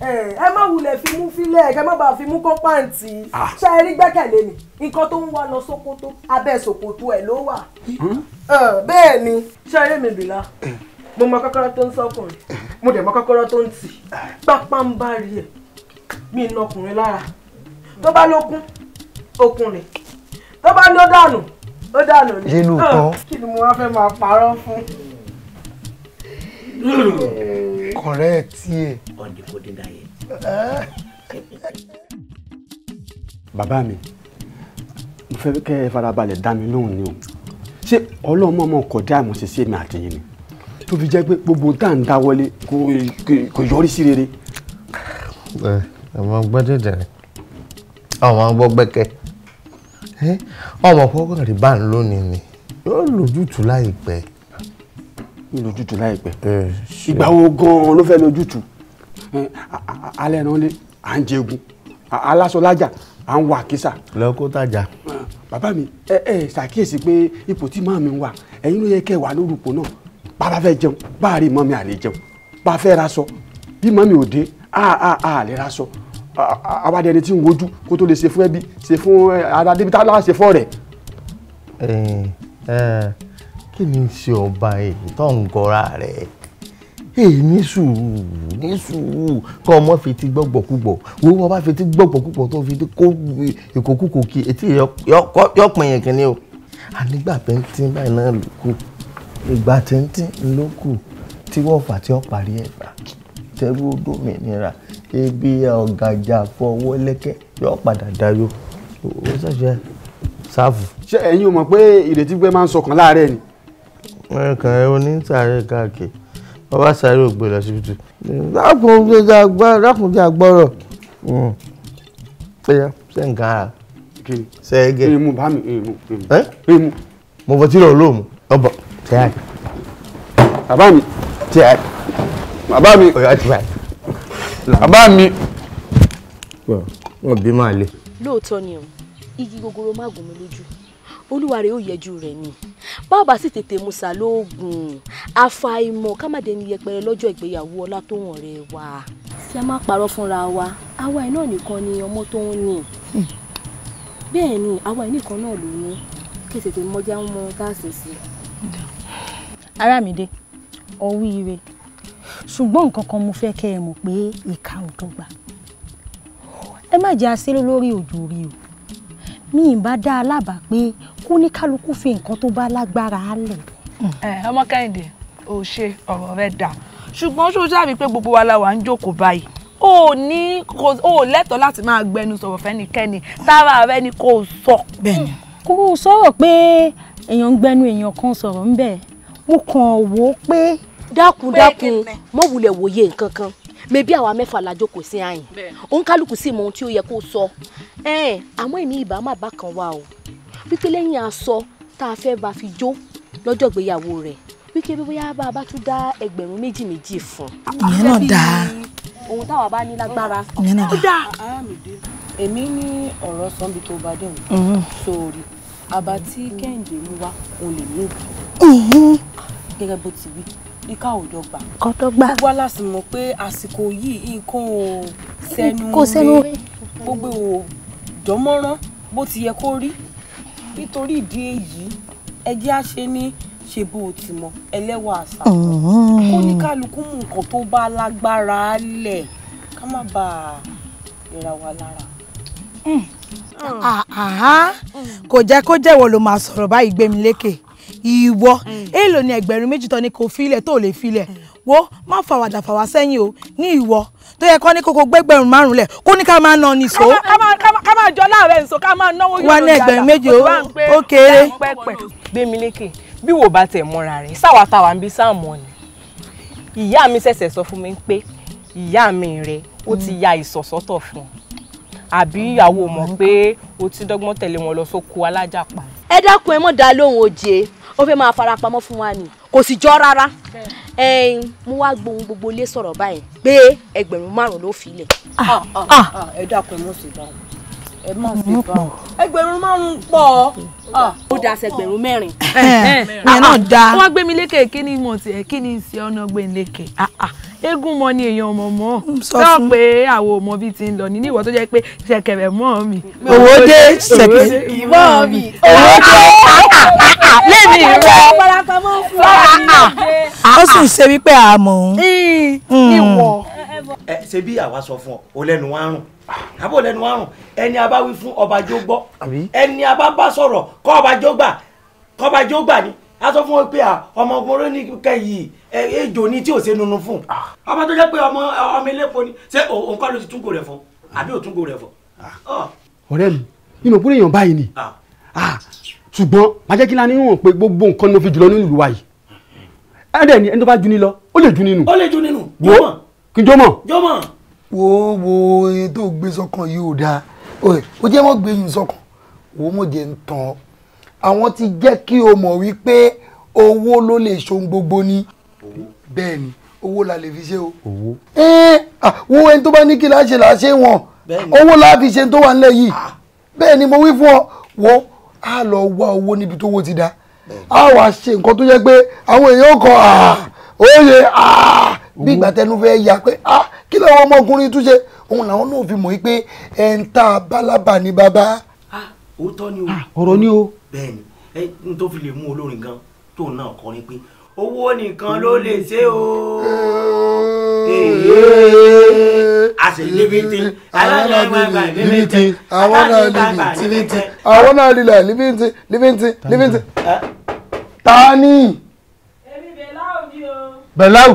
ẹ má wulẹ̀ fi mú fílẹ̀ kẹ́ má bàa fi mú kó pàǹtì ṣe é rí gbẹ́kẹ̀lé mi nǹkan tó ń wá lọ sókótó abẹ́ sòkòtò ẹ̀ ló wà. Hmm? bẹ́ẹ̀ ni ṣe rí mi bìlà mo mọ kọ́kọ́rọ́ tó ń sọ́kùnrin mo dẹ̀ mọ kọ́kọ́rọ́ tó ń tì pápá ń bá rí ẹ̀ mi ń nọkùnrin lára tó bá lókun okun rẹ̀ tó bá ní ó dànù ó dànù ni nínú kan ah, kí ni mo wá fẹ́ máa parọ́ fún. kọ̀rẹ́ tiẹ̀. ọ̀dẹ̀ kò dín dáyé. bàbá mi mo fẹ́ kẹ́ ẹ farabalẹ̀ dá mi lóhùn ni o ṣé ọlọ́mọ ọmọ kọjá àmọ̀ṣẹ́ṣe mi àtẹ̀yìn ni tó fi jẹ́ pé gbogbo tá à ń dáwọ́lé kò yọrí sí rere. Eh, ọmọ gbọ́ dẹ̀dẹ̀ ọmọ gbọ́ gbẹ́kẹ́ ọmọ pọ́kàn rí bá ń lónìí ni yóò lójútùú láìpẹ́. yóò lójútùú láìpẹ́ ìgbà wo gan-an ló fẹ́ lójútùú alẹ́ ìrànlẹ́ à ń jẹun alásọlájà à ń wà kísà. lọ kó tajà. bàbá mi ẹ ẹ ṣàkíyèsí pé ipò tí màmí wà ẹ̀yin ló yẹ kẹ́ wà lórúkọ náà bàbá fẹ́ jẹun báàrí mọ́mí àlè jẹun bá fẹ́ raṣọ bí mọ́mí ò dé a a a lè raṣọ àwa dẹni tí ń wojú kó tó lè ṣe fún ẹbí ṣe fún ara débi tá láà ṣe fún ọ̀rẹ́. kí ni ṣe ọba èyí tó ń gọra rẹ èyí ní sùúrù ní sùúrù kọ́ ọmọ fetí gbọ́gbọ̀kúgbọ̀ wo wọ́n bá fetí gbọ́gbọ̀kúgbọ̀ tó fetí kó ìkókúkò kí etí yọpin yẹn kìíní o ànígbà pẹ́ntín báyìí náà ló kù ìgbà tẹ́ntín ló kù tí wọ́n fà tí wọ́n parí ẹ̀ bá tẹ́wọ́ dómìnira ebi ọ̀gàjà fọwọ́ lẹ́kẹ́ yóò padà dayo ó ṣẹ̀ṣẹ̀ ṣáàfù. ṣé ẹ̀yin ò mọ̀ pé ìrètí gbé máa ń sọkàn láàárẹ̀ ni. ẹ̀ẹ̀kan ẹ̀ oní sàárẹ̀ káàkiri bàbá sàárẹ̀ ò gbé lọ síbitù. lákùnjẹ́ àgbọ̀rọ̀ ṣẹ́yà ṣẹ́ǹkan ara ṣẹ́gẹ́. èèmù bá mi èèmù èèmù. mo fọ tí lọ́ọ́ lóòmù ọbọ ṣẹ́yà. bàbá mi ṣẹ́yà. bàbá mi. ọ̀yọ́ ti báyìí bàbá mi. wọn bí máa le. lóòótọ́ ni o igi gogoro má gùn mí lójú olúwa rẹ̀ ó yẹjú rẹ̀ ni bàbá sì tètè musa lóògùn àfàìmọ̀ ká má dẹni yẹpẹrẹ lọ́jọ́ ìgbéyàwó ọlá tó wọn rẹ wá. ṣé a máa parọ́ fúnra wa àwa ẹ̀ náà nìkan ni ọmọ tó ń ní bẹ́ẹ̀ ni àwa ẹ̀ nìkan náà ló ní kí tètè mọ́jà ń mọ tá a sì sí. Àràmídé ọ̀wí ire ṣùgbọ́n nǹkan kan mo fẹ́ kẹ́ ẹ mọ̀ pé ìka ò dọ́gba ẹ má jẹ́ aṣẹ́ lórí òjò rí o mi ì bá dá a lábàá pé kó ní kálukú fi nǹkan tó bá lágbára á lẹ̀. ẹ ọmọ kẹ́hìndé ò ṣe ọ̀rọ̀ rẹ dà ṣùgbọ́n ṣó sábì pé gbogbo wa la wà ń jókòó báyìí o ní kò o lẹ́tọ̀ọ́ láti máa gbẹnu sọ̀rọ̀ fẹ́nikẹ́ni tára rẹ ni kò sọ. bẹ́ẹ̀ni. kò sọ̀rọ̀ pé èèyàn ń gbẹnu èèyàn kan sọ̀rọ̀ ńbẹ̀ mo kàn wò ó pé dákun dákun mo wulẹ̀ wòye nǹkan kan mẹbi àwa mẹ́fà la jókòó sí àyìn òun kálukú sí mọ ohun tí ó yẹ kó sọ àmọ́ èmi ìbá má bá kan wa o wípé lẹ́yìn aṣọ tá a fẹ́ bá fi jó lọ́jọ́ ìgbéyàwó rẹ̀ wípé bí bóyá bá a bá tún dá ẹgbẹ̀rún méjì méjì fún. ìyẹn náà dáa. ohun táwa bá ní lágbára. ìyẹn náà dáa. èmi ní ọ̀rọ̀ sanbi tó bá dẹ̀ wọ́n mm-hmm. sórí àbá kẹ́hìndé mú wá òun lè mú. Mm-hmm. Ah, gẹ́gẹ́ bó ti wí ní ká ò dọ́gba. kò dọ́gba. gbogbo aláṣẹ mọ̀ pé àsìkò yìí nǹkan ò sẹ́nu kò sẹ́nu gbogbo ò dánmọ́rán bó ti yẹ kó rí nítorí ìdí èyí ẹ á ṣe ní ṣe bó o ti mọ ẹlẹ́wà àṣà mm-hmm. kó ní kálukú mú nǹkan tó bá lágbára lẹ̀ ká má bàa ìra wa lára. Eh. Hmm. Ah, ah, ah. kò jẹ́ kó jẹ́wọ́ ló máa sọ̀rọ̀ báyìí gbé mi lékè ìwọ èèlò mm. ni ẹgbẹ̀rún méjì tán ni kò filẹ̀ tó lè filẹ̀ mm. wo má fàwàdà fàwà sẹ́yìn o ní ìwọ tó yẹ kó ní kókó gbẹgbẹ̀rún márùn lẹ̀ kó ní ká máa ná ní so. ká máa jọ láàárẹ̀ nìṣó ká máa náwó yóò lọ dáadáa wà ní ẹgbẹ̀rún méjì ó kéré. gbẹ̀mí lékè bí wò bá tẹ̀ mọ́ra rẹ̀ sáwà táwa ń bí sáàmù ni ìyá mi ṣẹ̀ṣẹ̀ sọ fún mi pé ìyá mi rẹ̀ ó ti ya ìsọ̀sọ́tọ̀ fún un àbí ìyàwó mọ̀ pé ó ti dọ́gbọ́n tẹ̀lé wọn lọ sóko alájàpá. ẹ dákun ẹ mọ̀ dá lóhùn oje ó fẹ́ máa farapamọ́ fún wa ni kò sì jọ rárá mo wá gbohun gbogbo ilé sọ̀rọ̀ báyìí pé ẹgbẹ̀rún márùn-ún ló fi lẹ̀. Ah, ah, ah, ẹ dákun ẹ mọ̀ sí báwọn ẹ mọ̀ sí báwọn ẹgbẹ̀rún márùn-ún pọ̀ ó da sẹgbẹ̀rún eh, eh, mẹ́rin. ìyẹn náà da. wọ́n gbé mi lékè kí ni mo tiẹ̀ kí ni ìsìn ọ̀nà gbé mi lékè eégún mọ ni èèyàn ọmọ mọ sọ pé àwọn ọmọ bíi ti ń lọ ní níwọ tó jẹ pé ṣẹ̀kẹ̀rẹ̀ mọ mi. owó dé ṣẹ̀kẹ̀rẹ̀ mọ mi owó dé lẹ́mi rẹ̀ ah, ah. ó sì ṣe wípé àmọ́ hmm. ìwọ. ẹ ṣe bí àwa sọ fún ọ ò lẹ́nu wa rùn àbò lẹ́nu wa rùn ẹni a bá wí fún ọba jó gbọ́ ẹni a bá bá sọ̀rọ̀ kọ́ ọba jó gbà kọ́ ọba jó gbà ni a sọ fún ọ pé ọmọ ọgbọnrún ní kẹyì ejò ni tí ò ṣe nunu fún ah. ọmọ tó jẹ pé ọmọ ọmọ elépo ni ṣé òǹkọ ló ti túngò rẹ fún àbí òtúngò rẹ fún. ọ̀rẹ́ mi inú òpó èèyàn báyìí ni ṣùgbọ́n màá jẹ́ kí lani hàn pé gbogbo nǹkan ló fi jùlọ nínú ìlú wa yìí ẹ̀ẹ́dẹ̀ ni ẹni tó bá ju ni lọ ó lè ju nínú. ó lè ju nínú jọmọ. kí jọmọ. jọmọ. wo wo èyí tó gbé sọkàn yìí ò dáa ó jẹ́ mọ́ gbé yìí sọkàn wo mo jẹ́ ń tàn ọ́ àwọn ti jẹ́ kí o mọ̀ wípé owó ló lè ṣohun gbogbo ni bẹ́ẹ̀ ni owó la lè fi ṣe o. owó. ẹ ẹ wo ẹni tó bá ní kí la ṣe la ṣe wọn owó la fi ṣe tó wà nílẹ̀ yìí ah. bẹ́ẹ̀ ni mo wí fún ọ wo a lọ wá owó níbi tó wó ti dá á wá ṣe nǹkan tó yẹ pé àwọn èèyàn bí ìgbà tẹnu ya pé kí làwọn ọmọkùnrin tún òun làwọn náà fi mọ̀ pé bálábà n'i bàbá. ni ni n tó fi lè mú olórin gan owó nìkan ló lè ṣe o àṣèlébìtì alájọba ìbíbìtì àwọn náà líbìtì àwọn náà lílà líbìtì líbìtì líbìtì tani. èmi bẹ̀láù ni o. bẹ̀láù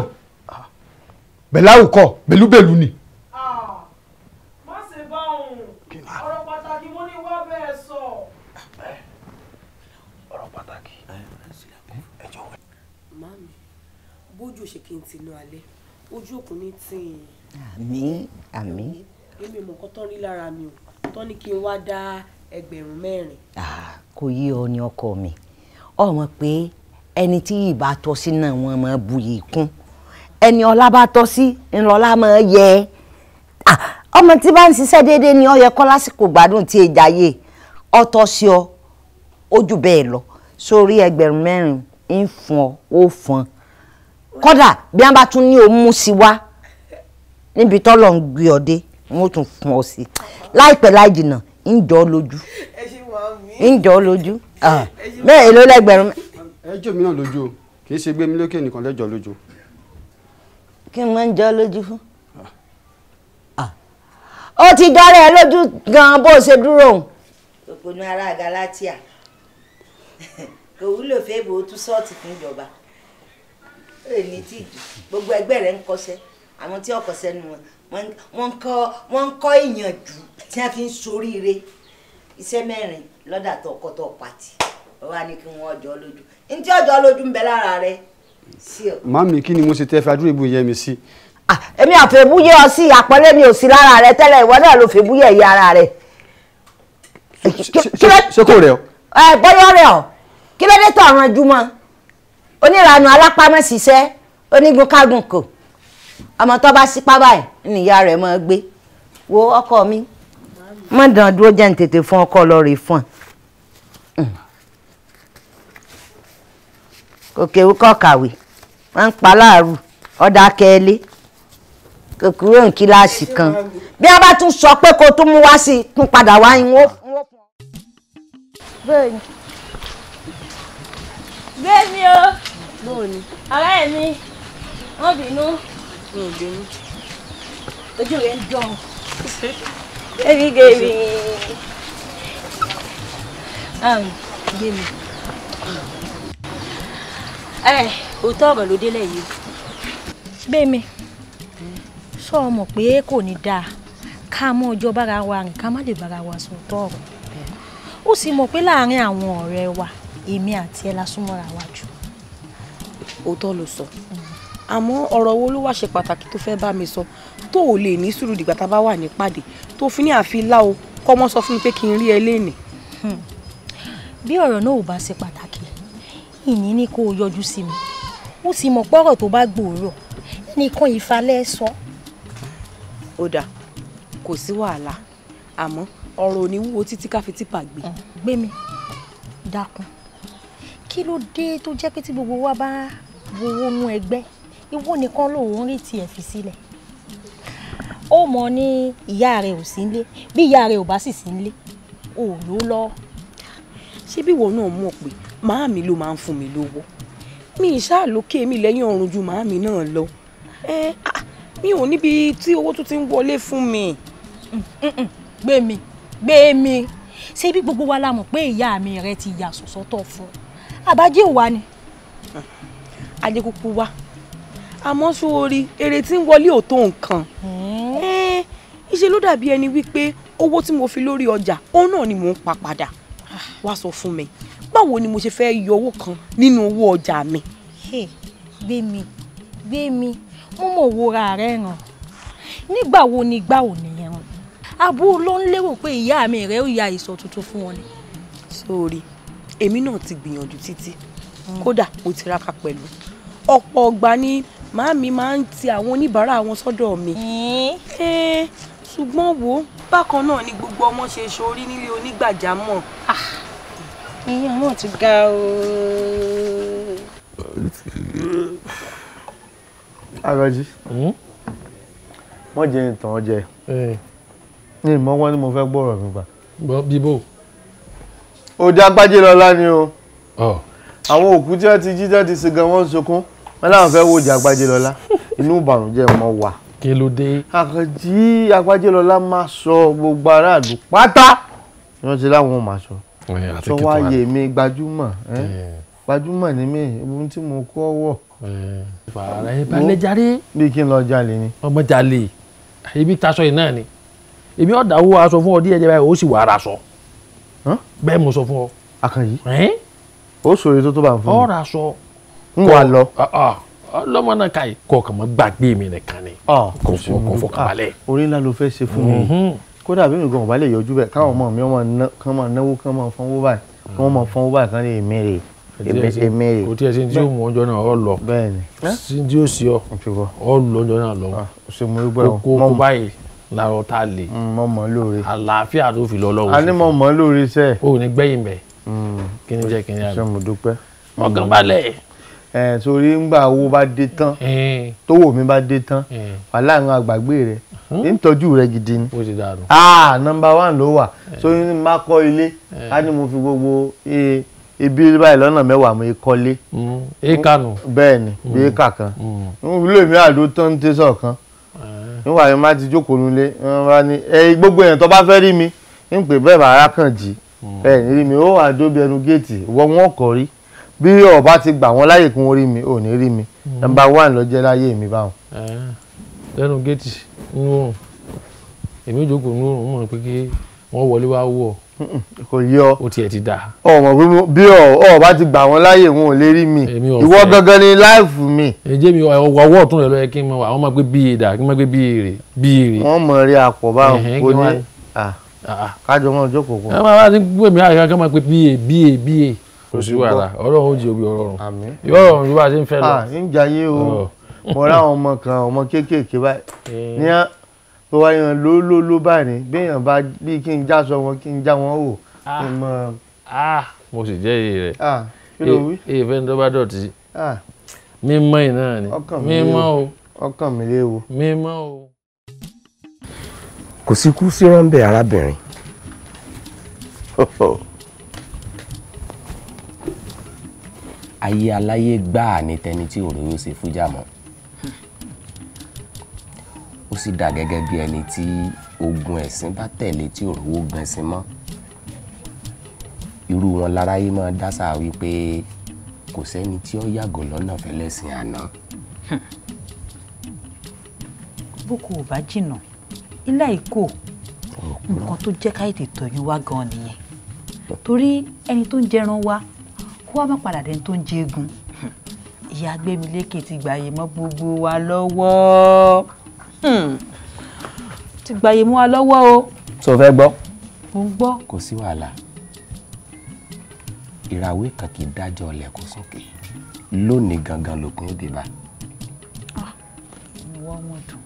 bẹ̀láù kọ́ bẹ̀lúbẹ̀lú ni. ojú òṣè kí n ti lọ alẹ́ ojú òkun ní tìǹ. àmín àmín. èmi ò mọ̀ nǹkan tán rí lára mi o tán ní kí n wá dá ẹgbẹ̀rún mẹ́rin. kò yí ọ ní ọkọ mi ọmọ pé ẹni tí yìí bá tọ́ sí náà wọ́n máa bu yìí kún ẹni ọlá bá tọ́ sí ńlọlá máa yẹ ọmọ tí bá ń ṣiṣẹ́ déédéé ni ó kọ́ lásìkò gbádùn tí èjà yé ọ sí ọ ó bẹ́ẹ̀ lọ sórí ẹgbẹ̀rún mẹ́rin ń fún ọ ó fún ọ kódà bí wọ́n bá tún ní òun mú sí wá níbi tọ́lọ̀ ń gbé ọdẹ wọ́n tún fún ọ sí láìpẹ́ láì jìnnà ń jọ ọ lójú ń jọ ọ lójú ah, bẹ́ẹ̀ èlò lẹ́gbẹ̀rún. ẹjọ́ mi náà lójú o kì í ṣe gbé mi lókè nìkan lẹ́jọ́ lójú. kí n máa ń jọ lójú fún. Ah. ó ti dọ́rẹ́ ẹ lójú gan-an bó o ṣe dúró òun. òpònú ará Galatia kò wúlò fẹ́ bò ó tún sọ́ọ̀tì fún ìjọba èyí tí gbogbo ẹgbẹ́ rẹ̀ ń kọsẹ̀ àwọn tí wọ́n kọsẹ̀ nu wọn wọ́n ń kọ́ ìyànjú tí wọ́n fi ń soríire iṣẹ́ mẹ́rin lọ́dà tó ọkọ tó pàtì wọ́n á ní kí wọ́n ọjọ́ lójú ntí ọjọ́ lójú ń bẹ lára rẹ̀ sí ọ. màmí kí ni mo ṣe tẹ fàdúrà ìbú yẹ mi sí. Ah, èmi àfẹ́búyẹ ọ sí àpọ́nlé mi ò sí lára rẹ tẹ́lẹ̀ ìwọ náà ló fẹ́búyẹ yí ara rẹ. ṣé kò rẹ ọ. ẹ eh, bọ́yọ̀ rẹ ọ kí ló dé tọ̀ ọ̀ràn oníranú alápámọ́ ṣiṣẹ́ onígun kágun kò ọmọ tó bá sípá báyìí nìyá rẹ̀ máa gbé wo ọkọ mi má dàn dúró jẹ́ ní tètè fún ọkọ lọ rè fún ọ. Hmm. kòkèwú kọ́ kàwé wọ́n ń pa láàrú ọ̀dà kẹ́lé kòkúrò ní kíláàsì kan bí a bá tún sọ pé kó tún mú wá sí i tún padà wá yín wọ́n. bẹ́ẹ̀ ni bẹ́ẹ̀ ni o bóò ni. ọ̀rẹ́ mi wọ́n bínú. mi ò bínú. ojú rẹ̀ ń dán. débi gèbì. gèbì. ẹ òótọ́ ọ̀rọ̀ ló délẹ̀ yìí. gbẹ̀mí sọ ọmọ pé kò ní dáa ká mọ ọjọ́ bára wa rìn ká má lè bára wa sòótọ́ ọ̀rọ̀ ó sì mọ̀ pé láàárín àwọn ọ̀rẹ́ wa èmi àti ẹ̀ la súnmọ́ra wa jù òótọ́ ló sọ àmọ́ ọ̀rọ̀ wo ló wá ṣe pàtàkì tó fẹ́ bá mi sọ tó ò lè ní sùúrù dìgbà tá a bá wà ní pàdé tó fi ní àfi lá o sọ fún mi pé kí n rí ẹ léèní. Hmm. bí ọ̀rọ̀ náà ò bá ṣe pàtàkì ìní ni kó o yọjú sí mi ó sì mọ̀ pọ́rọ̀ tó bá gbòòrò nìkan ìfalẹ́ sọ. ó dà kò sí wàhálà àmọ́ ọ̀rọ̀ ò ní wúwo títí ká fi tìpà gbé. Hmm. gbé mi dákun kí ló dé tó jẹ́ pé tí gbogbo wa bá wo wọnú ẹgbẹ́ ìwọ nìkan lòun rí tiẹ̀ fi sílẹ̀ ó mọ̀ ní ìyá rẹ̀ ò sí nílé bí ìyá rẹ̀ ò bá sì sí nílé ò ló lọ. ṣé bí ìwọ náà mọ̀ pé màámi ló máa ń fún mi lówó mi ìṣáà lókè mi lẹ́yìn ọ̀run ju màámi náà lọ mi ò níbi tí owó tó ti ń wọlé fún mi. gbé mi gbé mi ṣé bí gbogbo wa la mọ̀ pé ìyá mi rẹ ti yà sọ̀sọ́tọ̀ fún un àbájẹ́ òwa ni ajé kúkú wá àmọ́ sórí èrè tí ń wọlé ò tó nǹkan hmm. ìṣe ló dàbí ẹni wípé owó tí mo fi lórí ọjà òun náà ni mò ń pa padà ah, wá sọ fún mi báwo ni mo ṣe fẹ́ yọ owó kan nínú owó ọjà mi. gbé mi gbé mi mo mọ̀ wòra rẹ̀ ràn nígbà wo ni gbà ò nìyẹn ràn àbúrò ló ń lérò pé ìyá mi rẹ̀ ó ya ìsọ̀ tuntun fún wọn ni. sórí èmi náà ti gbìyànjú títí hmm. kódà mo tiraka pẹ̀lú ọ̀pọ̀ ọgbà ni màámi máa ń ti àwọn oníbàárà wọn sọ́dọ̀ mi. ṣùgbọ́n wo bákan náà ni gbogbo ọmọ ṣe ṣorí nílé onígbàjámọ̀. ìyá ah, náà ti ga o. Àràjí hmm? eh. wọ́n jẹ ìtàn jẹ ní ìmọ̀ wọn ni mo fẹ́ gbọ́rọ̀ mi gbà. bíbó. òde agbájé lọ́la ni o àwọn òkú tí wọ́n ti jí jáde sí gan wọ́n ń sunkún wọn láwọn fẹ́ wo ìjà Agbájélọlá inú ìbànújẹ́ mọ wà. kí ló dé. àkànjí Agbájélọlá máa sọ gbogbo aráàlú pátá ni wọ́n ti láwọn máa sọ. sọ wá yè mí gbajúmọ̀ gbajúmọ̀ ni mí ohun tí mo kọ́ wọ̀. fàárà bí kí n lọ jalè ni. ọmọ jalè ibi taṣọ yìí náà ni èmi ọ̀dà owó aṣọ fún ọ díẹ̀ jẹ́ báyìí ó sì wà ara sọ bẹ́ẹ̀ mo sọ fún ọ. àkànjí ó sòrè tó tó bá ń fún mi. ọ̀rọ̀ aṣọ ń wà lọ. Ah, ah. lọ́mọ náà ká yìí kọ́ ọkàn mọ́ gbàgbé mi nìkan ni kò fún ah. kò fọkànbalẹ̀. orí ńlá ló fẹ́ ṣe fún mi mhm. kódà bí mi gan ọba lè yọjú bẹ́ẹ̀ káwọn ọmọ mi kàn máa náwó kàn máa fọwọ́ báyìí kàn máa fọwọ́ báyìí kàn lè mèrè èmèrè. kò tiẹ̀ sí tí yóò mú ọjọ́ náà ọ lọ sí tí yóò sí ọ ọ lọ ọjọ́ náà lọ kókó báyìí làrọ̀ tá a lè mm, àlàáfíà tó fi lọ lọ́wọ́. a ní mọ̀ mọ́ lórí iṣẹ́. o ò ní gbẹ́yìn bẹ́ẹ̀ mm. kí ni jẹ́ kí ni àná. ṣé mo dúpẹ́. Mm. balẹ̀ ẹ sori ngbà owó bá dé tán tówó mi bá dé tán wà láàrin àgbàgbé rẹ ń rẹ gidi ni ah nọ́mbà one ló wà sori ní má kọ́ ilé ká ní mo fi gbogbo ibi e, báyìí lọ́nà mẹ́wàá mo kọ́lé. éka nù. bẹ́ẹ̀ ni bí éka kan ilé mi àdó tán ń tẹ́sọ̀ kan níwà yẹn má ti jókòó nulẹ̀ gbogbo èèyàn tó bá fẹ́ rí mi ń pè bẹ́ẹ̀ bàárà kàn jí bẹ́ẹ̀ ni rí mi ó àdó bí ẹnu géètì wọ́n wọ́n kọ́ rí bí ọba ti gbà wọ́n láyè kún orí mi ò ní rí mi nọ́mbà one ló jẹ́ láyé mi báwọn. Ah, lẹ́nu géètì ń rọrùn èmi ìjókòó ń rọrùn mọ̀ pé kí wọ́n wọlé wá wọ̀ kò yí ọ o tiẹ̀ ti dà. ọmọ bí ọba ti gbà wọ́n láyè wọn ò lè rí mi ìwọ gangan ni láìfù mi. èjé mi ọwọ́ ọ̀tún rẹ̀ ló yẹ kí n mọ àwọn máa gbé bíi èdà kí n máa gbé bíi èrè bíi èrè. wọ́n mọ̀ rí àpọ̀ báwọn kò ní ah, ah, kájọ wọn jókòó pọ̀. ẹ máa bá ti gbé mi àyíká kí wọ́n máa gbé bíi bíi bíi kò sí wàhálà ọlọ́run ó jẹ òbí ọlọ́run yóò rọrùn ju bá a ṣe ń fẹ́ lọ. Ah, ń jayé o mo rá àwọn ọmọ kan ọmọ kéékèèké báyìí eh. ní tó wáyé wọn ló ló ló báyìí ní béèyàn bá bí kí n já sọ wọn kí n já wọn wò ah. kí n mọ. Ah. mo sì jẹ́ iye rẹ̀ iye eh, eh, fẹ́ni tó bá dọ̀tí mímọ́ iná ni mímọ́ o ọkàn mi léwu mímọ́ o. kò sí kú sí rọ́ńbẹ́ arábìnrin. ayé aláyé gbáà ní tẹni tí òróró ṣe fújà mọ́ ó sì dà gẹ́gẹ́ bí ẹni tí ogun ẹ̀sìn bá tẹ̀lé tí òróró gbẹ̀sìn mọ́ irú wọn láráyé máa dásà wípé kò sẹ́ni tí ó yàgò lọ́nà fẹ́lẹ́sìn àná. boko ò bá jìnnà ilé ìkó nǹkan tó jẹ́ káyọ̀tì tọ̀yún wá gan-an nìyẹn torí ẹni tó ń jẹran wa kó wá má padà dẹni tó ń jẹgun ìyá Gbémilékè ti gbàyè mọ́ gbogbo wa lọ́wọ́ hmm. ti gbàyè mọ́ wa lọ́wọ́ o. sọ fẹ́ gbọ́. mo ń gbọ́. kò sí wàhálà ìràwé kan kì í dájọ́ ọ̀lẹ̀ kó sókè lónìí gangan lòpin ó dé bá. Ah, ìwọ ọmọ dùn.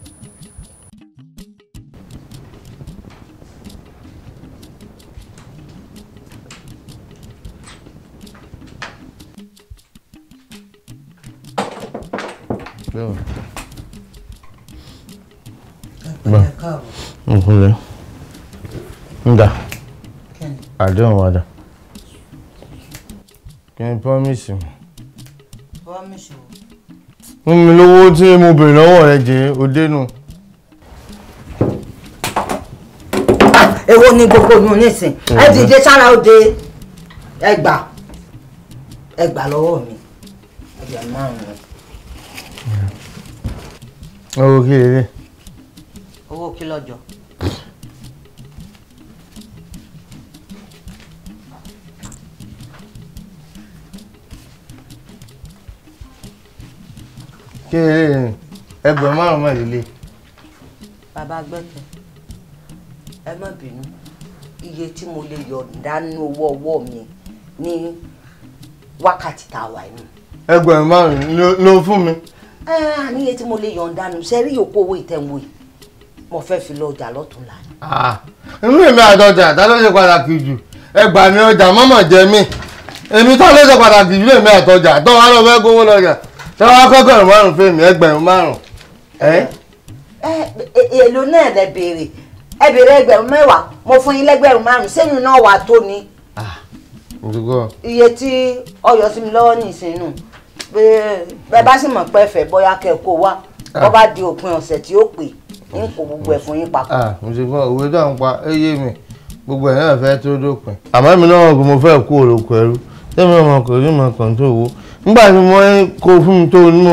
Kúnlé I don't wàdà Can you promise me? promise o. fún mi lówó tí mo bèrè lọ́wọ́ rẹ jẹ́ òdenu. Ah, èwo ni gbogbo yìí nísìn ẹ dìde sára òde ẹgbà ẹgbà lọ́wọ́ mi ẹgbà márùn-ún. owó kí lè dé. owó kí lọ́jọ́. ṣé ẹgbẹ̀rún márùn-ún mọ̀ bàbá gbẹ̀kẹ̀ ẹ má bínú iye tí mo lè yọ dánú owó ọwọ́ mi ní wákàtí tá a wà ní. ẹgbẹ̀rún márùn fún mi. ní iye tí mo lè yọ̀ǹda nù sẹ́rí yòókù owó ìtẹ̀wé mo fẹ́ fi lọ ọjà lọ́tún la. Ah, inú ṣe pàtàkì jù ọjà jẹ mí èmi ló ṣe pàtàkì jù tó wà lọ́wọ́ tẹ wá kọ́gọ́rùn márùn fèmí ẹgbẹ̀rún márùn. èlò náà lẹ béèrè ẹ béèrè ẹgbẹ̀rún mẹ́wàá mo fún yín lẹ́gbẹ̀rún márùn sẹ́yìn náà wà tó ni. iye tí ọyọ sí mi lọ́wọ́ nìsínú bẹ́ẹ̀ bá sì mọ̀ pé ẹ̀fẹ̀ bóyá kẹ́ kó wá bó bá di òpin ọ̀sẹ̀ tí ó pè ń kó gbogbo ẹ̀ fún yín papọ̀. mo ti gbọ́ òwe dáhùn pa ẹ yé mi gbogbo ẹ̀ náà fẹ́ tó dópin àmọ́ mi náà mo fẹ́ kú òròkọ ẹrú tẹ́mi ọmọ kò rí mọ̀ kàn tó wo nígbà tí mo kó fún mi tó nínú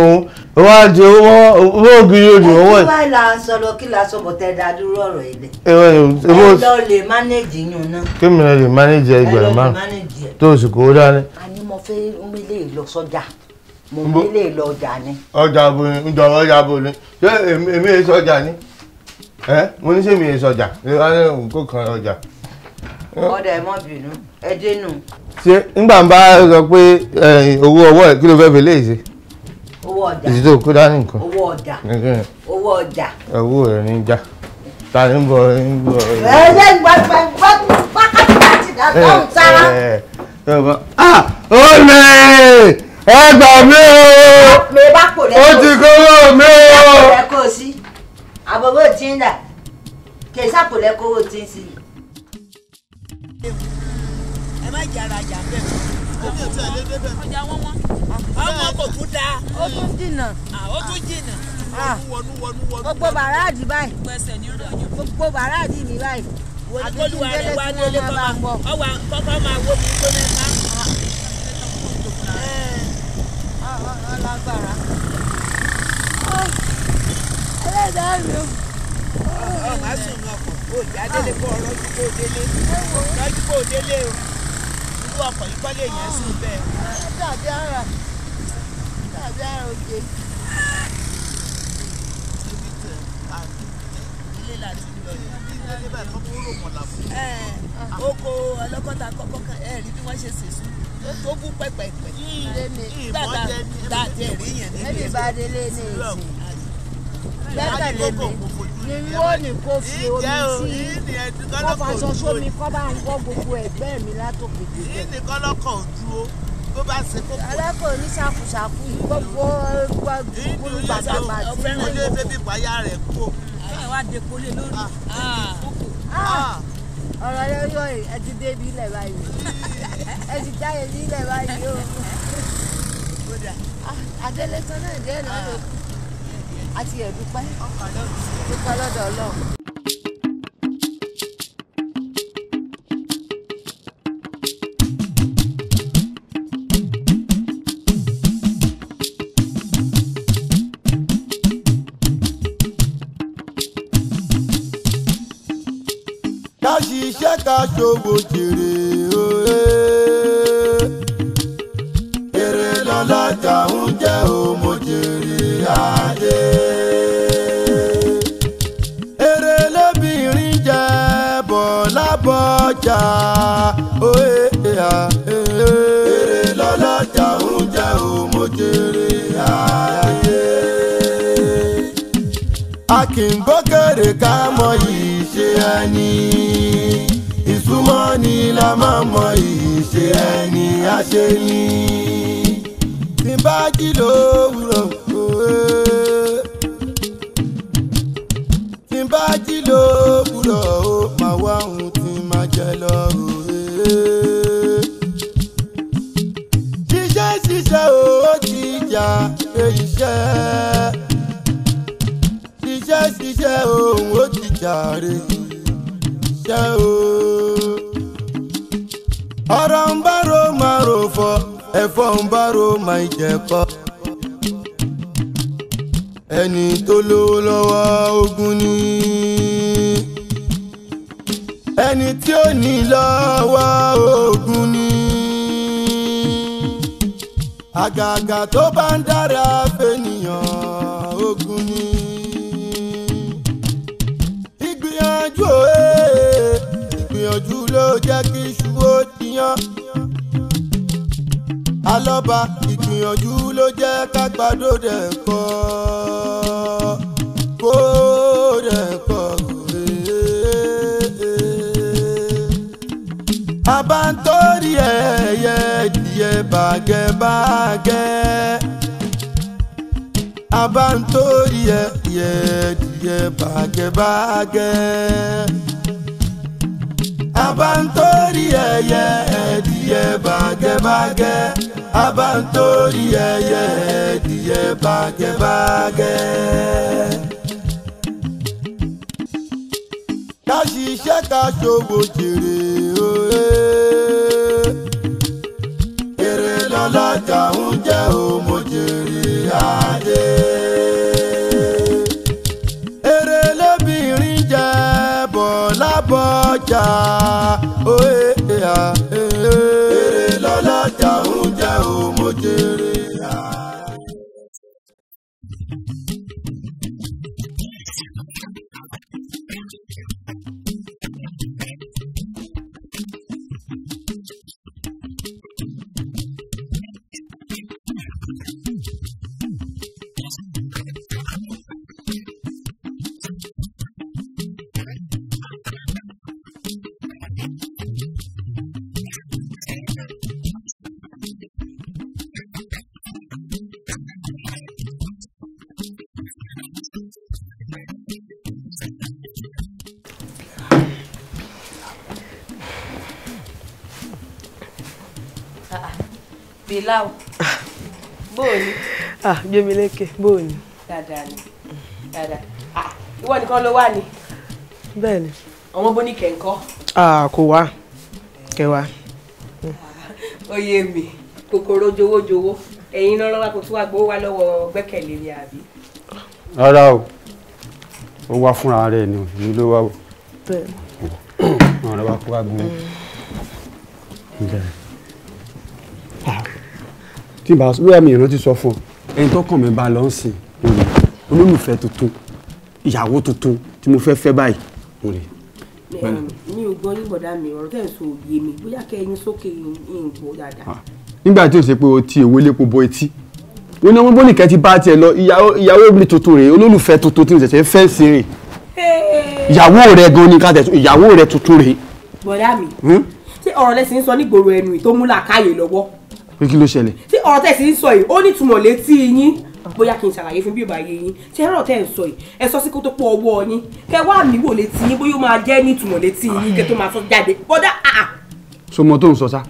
owó wá di owó owó ògiri òdì owó ẹ̀. ẹ wá sọ̀rọ̀ kí la sọ bọ̀tẹ́ da dúró ọ̀rọ̀ ilẹ̀. ẹ lọ lè mánéjì yùn náà. kí mi lè mánéjì ẹgbẹ̀rún márùn-ún tó o sì kó dání. a ní mo fẹ́ mi lè lọ sọ́jà mo mi lè lọ ọjà ni. ọjà bo ni njọ ọjà bo ni ṣé èmi èso ọjà ni ẹ mo ní sẹ́mi èso ọjà kó kan ọjà. ọ̀dà ẹ̀ mọ́ bínú ẹ dénú. ṣé nígbà bá sọ pé owó ọwọ́ ẹ̀ kí ló fẹ́ fi léyìí ṣe. owó ọjà èyí tó kó dání nǹkan. owó ọjà owó ọjà. owó rẹ̀ ní já ta ni ń bọ̀ ń bọ̀. ẹ ṣe gbàgbà gbàgbà wákàtí láti dá sọ́hùn sára. olè ẹ gbà mí o. mi bá kò lẹ́kọ̀ọ́ sí. ó ti kówó mi o. mi bá kò lẹ́kọ̀ọ́ sí. àbọ̀bọ̀ tí ń dà kèsà kò lẹ́kọ̀ọ́ tí ń sí. rájàrájà bẹ́ẹ̀. èmi ò tiẹ̀ lé débẹ̀. ọjà wọ́n wọ́n. ọmọ kò tún da. ó tún jìnnà. ó tún jìnnà. wọnú wọnú wọnú. gbogbo bàràdì báyìí. gbẹ̀sẹ̀ ní ìrọ̀yìn. gbogbo bàràdì mi báyìí. àgbélùwà rẹ̀ wá délé kọ́ ọwà kọ́kọ́ máa wó mi tó mẹ́ta. ọlágbára. ẹlẹ́dàá mi ò ọmọ asùn ní ọkọ̀ òjì adélé kó ọrọ́jú kó délé ọrọ́jú kó délé o olúwa kọ̀ yí kọ́lé yẹn sí bẹ́ẹ̀. dàbí ara dàbí ara oge. ilé láti lọ yẹn. ilé báyìí kọ́ kó rò mọ̀lá fún mi. oko ọlọ́kọ́ta kọ́kọ́ kan ẹ̀ rí bí wọ́n ṣe sèṣu tó kú pẹ́pẹ́pẹ́. ìbọn jẹ ní ìbọn jẹ ní ìbọn jẹ ní ìbọn jẹ ní ìbọn jẹ ní ìbọn jẹ ní ìbọn jẹ ní ìbọn jẹ ní ìbọn jẹ ní ìbọn jẹ ní ìbọn jẹ ní ìbọn jẹ ní ìbọn jẹ ní ìbọn jẹ ní ìbọn jẹ ní ìbọn jẹ gbẹ́kẹ̀lé mi ni wọ́n ní kó fi omi sí kó faṣọ sómi kó bá ń wọ́ gbogbo ẹ̀gbẹ́ mi látòkè dé. yìí ní kọ́lọ́kọ̀ dúró bó bá ṣe kókó. alákò ní ṣàkùṣàkù yìí gbogbo gbogbo gbàgbà tí mo lò. ilé bébí ìpáyà rẹ̀ kú. ẹ wá depo lé lórí ah. Ah. Ah. ọ̀rọ̀ yẹn yọ ẹ ti débi ilẹ̀ báyìí ẹ ti jáde ní ilẹ̀ báyìí o. adélé náà dé náà àti ẹ̀dúpẹ́ dúpẹ́ lọ́dọ̀ ọlọ́run. ká ṣiṣẹ́ jèrè. kì í gbókèrè ká mọ ìṣe ẹni ìsúnmọ́ ni la máa mọ ìṣe ẹni àṣẹ ni. tí bá jí lóò. bàgẹ́ abantori ẹyẹ ẹdìyẹ bàgẹ́ bàgẹ́. ká ṣiṣẹ́ ká ṣòwò jèrè òye. èrè lọ́lọ́jà ń jẹ́ òmò jèrè ayé. èrè lóbìnrin jẹ́ bọ̀ lábọ́jà òye. Oh, yeah o mo jèrè. ah Gbémilékè bóò ni. dáadáa ni dáadáa ah ìwọ nìkan ló wà ní. bẹ́ẹ̀ A ọmọ bóní kẹ̀ǹkọ́. ah kò wá kẹwàá. oyè mi kòkòrò jowójowó ẹ̀yin lọ́rọ́ wa kò tún wá gbowó wa lọ́wọ́ gbẹ́kẹ̀lé ni àbí. rárá o ó wá fúnra rẹ̀ ni èmi ló wá o. bẹ́ẹ̀ ni. ọ̀rọ̀ wa kó wá gbowó. Ah, tí bá wíwá mi ìrántí sọ fún ọ ẹni tọkàn mi bá lọ ń sìn òní olólùfẹ́ tuntun ìyàwó tuntun tí mo fẹ́ fẹ́ báyìí òní. Um, mi ò gbọ́ yín bọ̀dá mi ọ̀rọ̀ tẹ̀ ń sọ òye mi bóyá kẹ́ ẹyin sókè yín gbọ́ dáadáa. Ah, nígbà tí o ṣe pé o ti èwe lépo bo etí wọn ní wọn bó nìkan ti bá tiẹ̀ lọ ìyàwó mi tuntun rèé olólùfẹ́ tuntun tí mo ṣẹ̀ṣẹ̀ fẹ́ sí rèé ìyàwó rẹ gan ni ká tẹ̀ ìyàwó rẹ tuntun rèé. bọ̀dá mi hmm? ṣé ọ̀rọ̀ lẹ́sìn sọ nígboro ẹnu ì pé kí ló ṣẹlẹ̀. tí ọ̀rọ̀ tẹ̀ sí ń sọ yìí ó ní ìtumọ̀ létí yín bóyá kí n ṣàlàyé fún bí ìbá yé yín tí ẹ̀rọ tẹ̀ ń sọ yìí ẹ sọ sí kó tó pọ̀ ọwọ́ yín kẹ wá mi wò létí yín bóyá ó máa jẹ́ ní ìtumọ̀ létí yín kẹ tó máa sọ jáde bọ́dá àà. so mo tó ń sọ sá.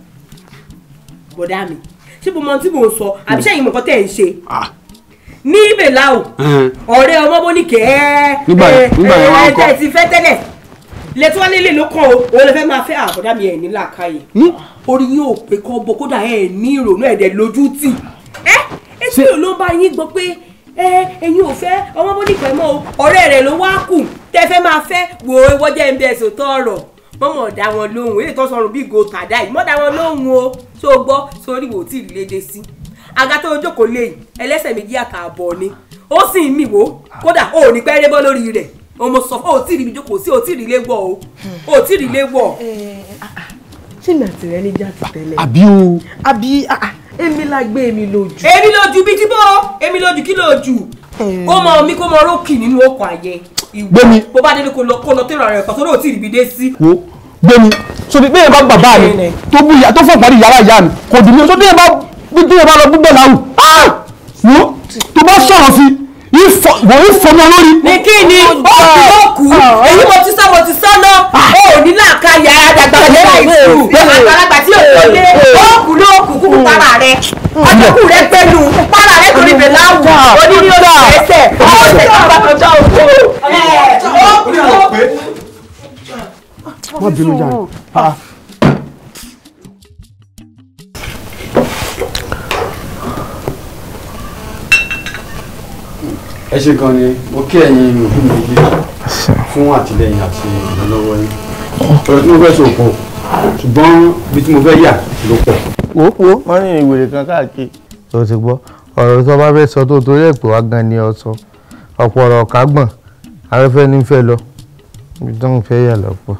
bọ́dá mi ṣé mo mọ tí mò ń sọ àbí sẹ́yìn mọ̀kọ́ tẹ̀ ń ṣe ní ìbèlà o ọ̀rẹ́ ọmọ bó ní kẹ́ ẹ́ ẹ́ ẹ́ ẹ́ tẹ̀ ti fẹ́ tẹ́lẹ̀ lẹ́tí wá nílé ló kàn o òun lè fẹ́ máa fẹ́ àbọ̀dá ah, mi ẹ̀ ní làákàyè orí yín ò pé kọ́ bọ́ kódà ẹ̀ ní ìrònú ẹ̀dẹ̀ lójú tì ẹ́ etí ò ló bá yín gbọ́ pé ẹ ẹ̀yin ò fẹ́ ọmọ bó nípẹ́ mọ́ o ọ̀rẹ́ rẹ̀ ló wá kù tẹ́ fẹ́ máa fẹ́ wo ewọ́ jẹ́ ń bẹ ẹ̀sùn tó ọ̀rọ̀ mọ́mọ́ dá wọn lóhùn èyí tó sọ̀rọ̀ bí gòtà dá yìí mọ́ dá wọn lóhùn o tó gbọ́ sórí wò tí ì léde sí agatha ojókòó lẹ́yìn ẹlẹ́sẹ̀ méjì àtààbọ̀ ni ó sì ń mìwó kódà ó ò ní pẹ́ rébọ́ lórí rẹ̀ ọmọ sọ fún òtí ìrìbí jókòó sí òtí ìrìlé wọ o òtí ìrìlé wọ. ṣé mi àti rẹ ní já ti tẹ́lẹ̀. àbí o. àbí ah, ah. èmi la gbé èmi lójú. èmi lójú bíi jíbọ́ èmi lójú kí lójú eh. ó mọ omi kó mọ rókì nínú ọkọ̀ àyẹ ìwọ bó bá délé kó lọ tẹ́lọ̀ rẹ̀ pàtó lóòótì ìrìbí dé sí. wo gbẹmí sọdí bẹ́ẹ̀ bá bàbá mi tó bú tó fọ̀ parí yàrá ìyá mi kò dùn mí sọdí bẹ́ẹ̀ bá bí tó yẹ bá lọ gbúgbẹ́ làwù. Ah! wo tó bá sọ̀rọ̀ sí i wọ́n ń fọmọ lórí. ní kí ni ó ti lọ kú èyí mo ti sọ mo ti sọ náà ah. ó ní làákàyà àdàgbàdé àìsù àgbàlagbà tí yóò tó lé ó kú ló kú kú hmm. para rẹ ọjọ́kù rẹ pẹ̀lú para rẹ torí bẹ̀ láwùjọ oníní oṣù ẹsẹ̀ ọ̀sẹ̀ tó bá kọjá òkú ó kú ló kú. wọ́n bínú jáde. ẹ ṣe gan ni mo kí ẹ̀yin òbí mi méjèèjì fún àtìlẹyìn àti ìrànlọ́wọ́ yín ọ̀rọ̀ tí mo fẹ́ sọ pọ̀ ṣùgbọ́n ibi tí mo fẹ́ yà ló pọ̀. wò ó wo wọn ní ìwèrè kan káàkiri. o ti gbọ́ ọ̀rọ̀ tó bá fẹ́ sọ tó torí ẹ̀ pé wá gan ni ọ sọ ọ̀pọ̀ ọ̀rọ̀ kágbọ̀n afẹ́fẹ́ ní fẹ́ lọ ibi tó ń fẹ́ yà lọ́pọ̀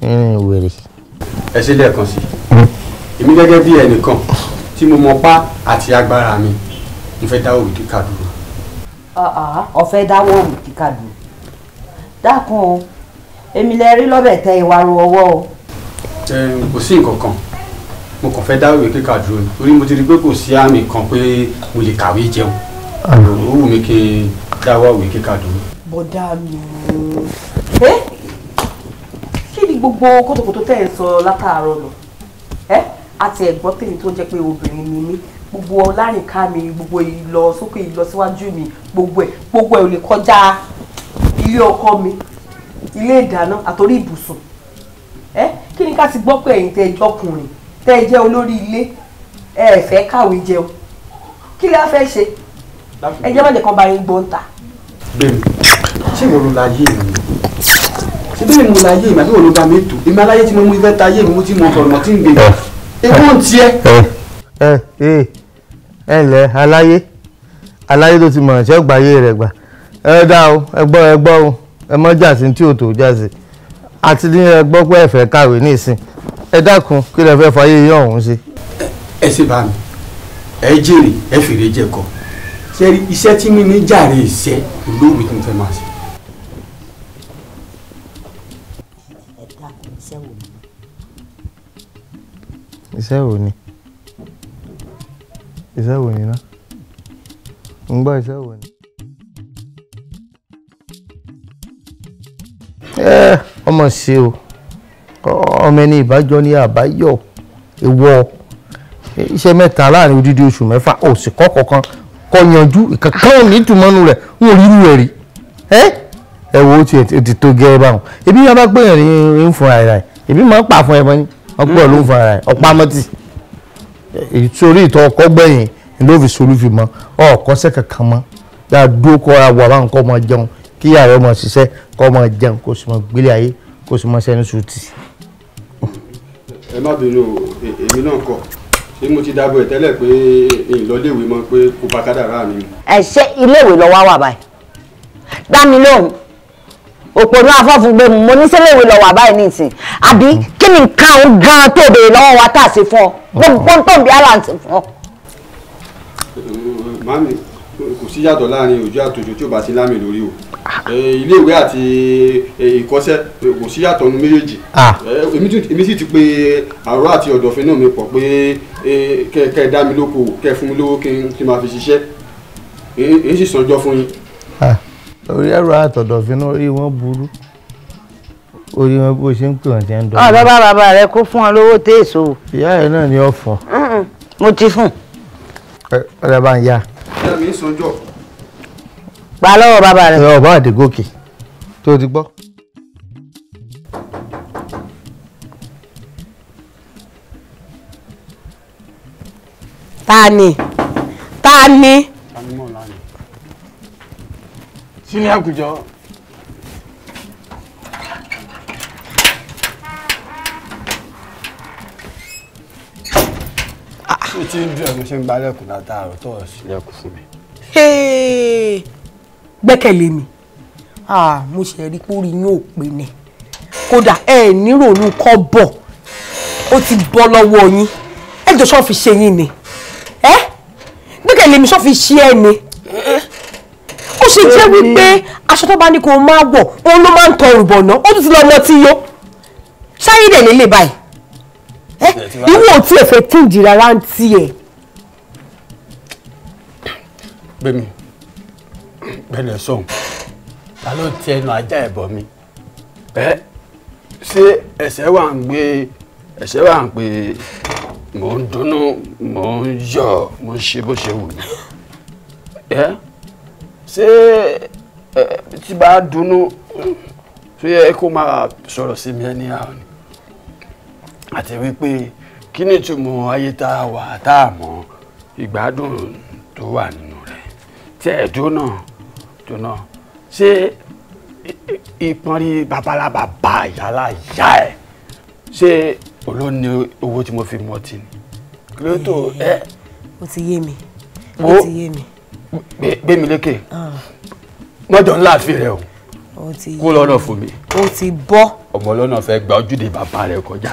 nínú ìwèrè. ẹ ṣe lẹ́ẹ̀kan sí èmi gẹ́gẹ́ bí ẹnìkan tí mo mọ pa àti agbára mi mo fẹ́ dáwọ́ ìdíkà dúró ọ̀fẹ́ ah, ah, dáwọ́ òrùn kíkà dùn dákun o èmi lẹ rí lọ́bẹ̀ tẹ ìwárò ọwọ́ o. kò sí nǹkan kan mo kàn fẹ́ dáwọ́ ìwé kíkà dúró ni torí mo ti rí pé kò sí àmì kan pé mo lè kàwé jẹun ó wù mí kí n dáwọ́ ìwé kíkà dúró. bọ́dà mi ò kí ni gbogbo kótókótó tẹ̀ ń sọ látàárọ̀ lọ àti ẹ̀gbọ́n tèmi tó jẹ́ pé obìnrin ni mí gbogbo ọlárìnká mi gbogbo ìlọ sókè ìlọsíwájú mi gbogbo ẹ̀ gbogbo ẹ̀ ò lè kọjá ilé ọkọ mi ilé ìdáná àtòrí ibùsùn ẹ kí ni ká ti gbọ́ pé ẹ̀yin tẹ́ ẹ jọkùnrin tẹ́ ẹ jẹ́ olórí ilé ẹ ẹ fẹ́ kàwé jẹun kí lẹ á fẹ́ ṣe ẹ jẹ́ bàjẹ́ kan bá yín gbọ́n ta. bẹ́ẹ̀ni ṣé ìwọ ló la yé mi ṣé bẹ́ẹ̀ mo la yé mi àbí ìwọ ló bá mi tù èmi aláyé tí mo mú ifẹ́ ta yé mi mo ti mọ sọ̀rọ̀ mo ẹ ẹ ẹ ǹlẹ́ aláyé aláyé tó ti mọ̀ ṣẹ́ gbàyé rẹ̀ gbà ẹ dá o ẹ gbọ́ ẹ gbọ́ o ẹ mọ́ jàsí tí ò tó jàsí àti ní ẹ gbọ́ pé ẹ fẹ́ kàwé nísìn ẹ dákun kí lẹ fẹ́ fàyè yín ọ̀hún ṣe. ẹ ṣe bá mi ẹ jèrè ẹ fèrè jẹkọ ṣe iṣẹ́ tí mi ní jàre ìṣe olóògbé tí mo fẹ́ máa ṣe. iṣẹ́ wo ni. iṣẹ́ wo ni. Iṣẹ́ wo ni ná? Ń gbọ́ iṣẹ́ wo ni? Ẹ eh, ọmọ ṣe o, ọmọ ẹni ìbájọ́ ní àbáyọ̀ ewọ́ iṣẹ́ mẹ́ta láàrin odidi oṣù mẹ́fà ò sì kọ́ kọ̀ọ̀kan kọ́ yanjú ìkankan ò ní ìtumọ̀nù rẹ̀ ń ò rírú ẹ̀ rí ẹ wo ti ti tó gẹ ẹ báwọn ebi yẹn bá pè ní ń fún ara ẹ ebi máa ń pa fún ẹ mọ ni wọn pè ọ ló ń fún ara ẹ ọpamọtì ìtorí ìtọ́ ọkọ́ gbẹ̀yìn ló fi solú fi mọ ọkọ́ sẹ́kẹ̀ kan mọ́ dáadúró kọ́ ra wàrà nǹkan ọmọ jẹun kí ìyá rẹ̀ ọmọ ṣiṣẹ́ kọ́ ọmọ jẹun kó sì mọ gbélé ayé kó sì mọ sẹ́ni sùtì. ẹ má bínú e-, èmi náà kọ ṣé mo ti dábọ̀ ẹ̀ tẹ́lẹ̀ pé ìlọléèwé mọ pé kò kádàrá mi. ẹ ṣe iléèwé lọ wá wà báyìí dá mi lóhùn òpònú afọ́fúngbé mo ní sẹ́lẹ̀wé lọ wà báyìí nìsín àbí kí ni nǹkan àwọn gan tó béèrè lọ́wọ́ wa tá a ṣe fún ọ gbogbo tó ń bí ara ń ṣe fún ọ. mami kò sí yàtọ̀ láàrin òjò àtòjò tí ò bá sí lámì lórí o iléèwé àti ìkọ́ṣẹ́ kò sí yàtọ̀ nu méjèèjì èmi sì ti pe àrò àti ọ̀dọ̀fin náà mi pọ̀ pé kẹ́ ẹ dá mi lóko kẹ́ ẹ fún mi lówó kí n máa fi ṣiṣẹ́ èyí sì sanjọ́ fún yín orí ẹ̀rọ àtọ̀dọ̀fin náà orí wọn burú orí wọn bó ṣe ń pè wọn ti ń dọ̀. ọ̀dọ́ bá bàbá rẹ kó fún ọ lówó tẹ èso. ìyá ẹ náà ni ọ̀fọ̀. mo ti fún. ọ̀dà bá ń yá. ìyá mi ń sọjọ́. pa lọ́wọ́ bàbá rẹ. ọ̀bá àdégòkè tó ti gbọ́. ta ni ta ni. Kí ni àkùjọ? Ó ti ń dùn ẹ̀ mo ṣe ń gbálẹ̀kùn látàárọ̀ tó ọ̀ sílẹ̀kùn fún mi. Gbẹ́kẹ̀lé mi, mo ṣe rí pórí inú òpin ni. Kódà ẹ nírònú kọ́ bọ̀, ó ti bọ́ lọ́wọ́ yín. Ẹ jọ sọ́ọ́ fi ṣe yín ni. Gbẹ́kẹ̀lé mi sọ́ọ́ fi ṣe ẹ ni ṣe jẹ́ wípé aṣọ tó bá ní kó máa wọ̀ òun ló máa ń tọ òrùbọ̀ náà ó tún ti lọ ọmọ tí yó ṣáyé dẹ̀ lélẹ̀ báyìí ìwọ ò tí ò fẹ́ tí ìjì rárá ń tí ẹ̀. bẹ́ẹ̀ni bẹ́ẹ̀ni sọ̀hún ta ló ti ẹnu ajá ẹ̀bọ mi bẹ́ẹ̀ ṣé ẹ̀ṣẹ̀ wà ń gbé ẹ̀ṣẹ̀ wà ń pè mò ń dunnú mò ń yọ̀ mò ń ṣe bó ṣe wù mí ṣé tí bá dunnú tó yẹ kó máa sọ̀rọ̀ sí mi ẹni àwọn àti wípé kí ni ìtumọ̀ ayé tá a wà tá a mọ̀ ìgbádùn tó wà nínú rẹ̀ tí ẹ̀ dúnà dúnà ṣé ìpọ́nrí babalábà bá ìyálà ìyá ẹ̀ ṣé olóòní owó tí mo fi mọ́ ti ni kí ló tó ẹ. ó ti yé mi ó ti yé mi gbẹmí lékè mọjọ ńlá àfi rẹ o kó lọ́nà fún mi. o ti bọ́. ọmọ lọ́nà fẹ́ gba ojúde bàbá rẹ kọjá.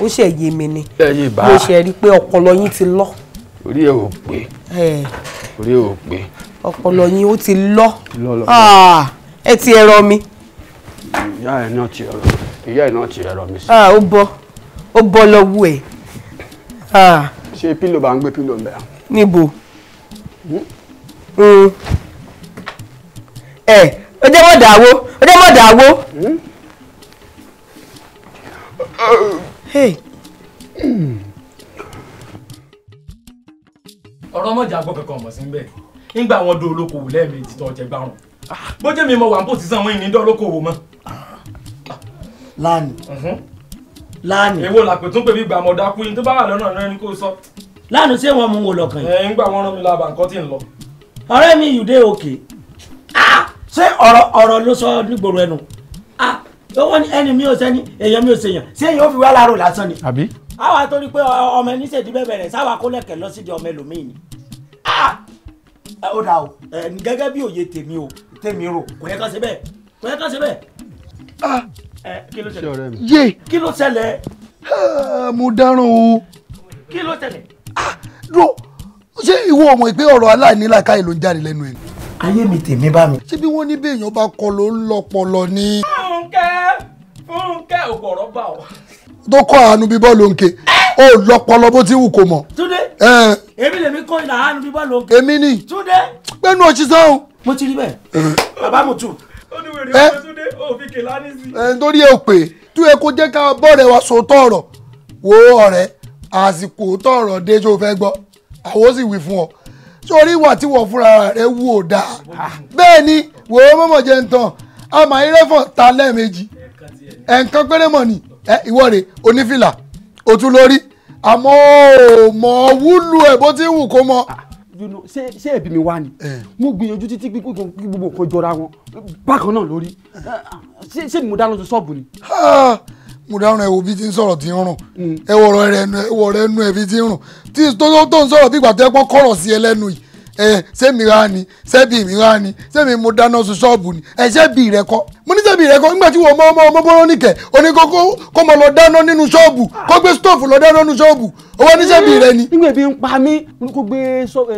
ó ṣe yé mi ni mo ṣe rí i pé ọpọlọ yín ti lọ. orí ẹ ò pé orí ẹ ò pé. ọpọlọ yín ó ti lọ ẹ ti ẹ̀rọ mi. ìyá ẹ náà ti ẹ̀rọ ìyá ẹ náà ti ẹ̀rọ mi ó bọ́ ó bọ́ lọ́wọ́ ẹ̀. ṣé pílò bá ń gbé pílò ń bẹ̀. níbo. Hmm? ẹ mm. eh, ọjọ́ mọ̀ dàwó ọ̀rọ̀ mọ̀jà gbọ́ kankan ọmọ sí bẹ́ẹ̀ nígbà wọn do olókoòwò lẹ́ẹ̀mejì tó ọjẹ́ gbárùn bójú mi mọ wà ń bò sísan wọn ìní dán olókoòwò mọ́. lánìí lánìí. èwo làpè tún pè mí gbà mọ̀ lọ́nà sọ. mú wò yìí. ẹ ń gbà mi lọ tí ń lọ. ọ̀rẹ́ mi you dey okay ah! ṣé ọ̀rọ̀ ọ̀rọ̀ ló sọ nígboro ẹnu owó ah! ẹni mi ò sẹ́ni èèyàn mi ò sèèyàn ṣé èèyàn ó fi wá láàárọ̀ lásán ni. àbí. àwa torí pé ọmọ ẹni ṣèdí bẹ́ẹ̀ bẹ̀rẹ̀ sáwa kó lẹ̀kẹ̀ lọ sídìí ọmọ ẹlòmíì ni. Ah! ó dà o gẹ́gẹ́ bí òye tèmi o tèmi rò kò yẹ ká ṣe bẹ́ẹ̀ kò yẹ ká ṣe bẹ́ẹ̀. kí ló ṣẹlẹ̀ yé kí ló ṣẹlẹ̀. mo dáràn o. kí ló ṣẹlẹ̀. dúró ṣé ìwọ ọmọ ìpè ọ̀rọ̀ aláìnílàkàyè ló ń jáde lẹ́nu ẹ̀. ayé mi tèmi bá mi. ṣé bí wọ́n ní béèyàn bá kọ ló ń lọ́pọlọ ni. fúnkẹ́ fúnkẹ́ ò gbọ̀rọ̀ bá wa. tó kọ́ àánú bíbọ́ ló ń ké ó lọ́pọlọ bó ti wù kó mọ̀. túnde èmi lèmi kọ́ ìlà àánú bíbọ́ ló ń ké. èmi ni túnde. gbẹ́nu òṣìṣẹ́ o. mo ti rí bẹ́ẹ̀ bàbá mo tù. ó ní wèrè ọmọ túnde ó fi kèlá ní sí. ẹ nítorí ẹ ò pè tú àwọn ó sì wí fún ọ sórí ìwà tí wọ́n fúnra rẹ̀ wù ó dáa bẹ́ẹ̀ ni wò ó mọ̀mọ̀ jẹ́ ń tán àmọ́ irẹ́fọ̀ ta lẹ́ẹ̀mejì ẹ̀ǹkan péré mọ̀ ni ìwọ rẹ̀ onífìlà òtún lórí àmọ́ mọ̀ ọ́ wúlò ẹ̀ bó ti wù kó mọ́ ṣé ẹbí mi wá ni mo gbìyànjú títí gbogbo nǹkan jọra wọn bákan náà lórí ṣé ni mo dáná sun ṣọ́ọ̀bù ni mo dáràn ẹ wo bí ti ń sọ̀rọ̀ ti ń rùn mm. ẹ rẹ nu ẹ wọ̀ ẹnu ẹ ti ń rùn tí tó ń sọ̀rọ̀ bí ìgbà tó ẹ pọ́n kọ̀rọ̀ sí ẹ yìí ẹ sẹ́mi ra ni sẹ́bi mi ra ni sẹ́mi mo dáná sun ṣọ́ọ̀bù ni ẹ sẹ́bi rẹ kọ́ mo ní sẹ́bi rẹ kọ́ nígbà tí wọ́n mọ ọmọ ọmọ bọ́rọ́ nìkẹ́ oníkókó kó mo lọ dáná nínú ṣọ́ọ̀bù kó gbé stóòfù lọ dáná nínú ṣọ́ọ̀bù owó ní sẹ́bi rẹ ni. nígbà ebi ń pa mí kó gbé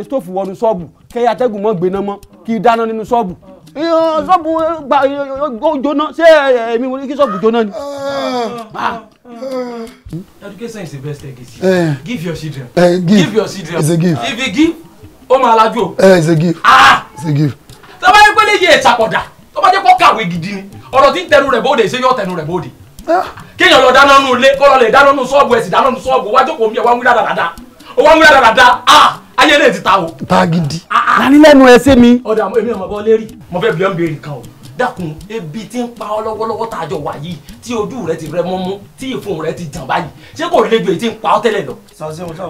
stóòfù wọnú ṣọ́ọ̀bù kẹ́yà atẹ́gùn mọ́ gbéná mọ́ kí dáná nínú ṣọ́ọ̀bù sọ́ọ̀bù gba jóná ṣé èmi mo kí sọ́ọ̀bù jóná ni. Ah. Ah. education is the best legacy. Eh. give your children. Eh, give your children. if you give ó máa lajú o. Eh, it's a gift. Ah. it's a gift. tó bá yẹ pé lè yẹ ìtàkọ̀dà e tó bá kó kàwé gidi ni ọ̀rọ̀ tí ń tẹnu rẹ̀ bóde ṣé yóò tẹnu rẹ̀ bóde kéèyàn lọ dáná nù ilé kó lọ lè dáná nù sọ́ọ̀bù ẹ̀ sì dáná nù sọ́ọ̀bù wájú kò mí ẹ̀ wá ń wí dáadáa ó wá ń wí dáadáa ayé lè ti ta o. bagidi ah, ah. lani lẹnu ẹsẹ mi. ọ̀dà èmi ọmọ bọ́ lérí mo fẹ́ bí ọ́n béèrè kan o dákun ebi tí ń pa ọ́ lọ́wọ́lọ́wọ́ tá a jọ wà yìí tí ojú rẹ ti rẹ mọ́mú tí ìfun rẹ ti jàn báyìí ṣé kò lè ju èyí tí ń pa ọ́ tẹ́lẹ̀ lọ. sọ̀sẹ̀ sọ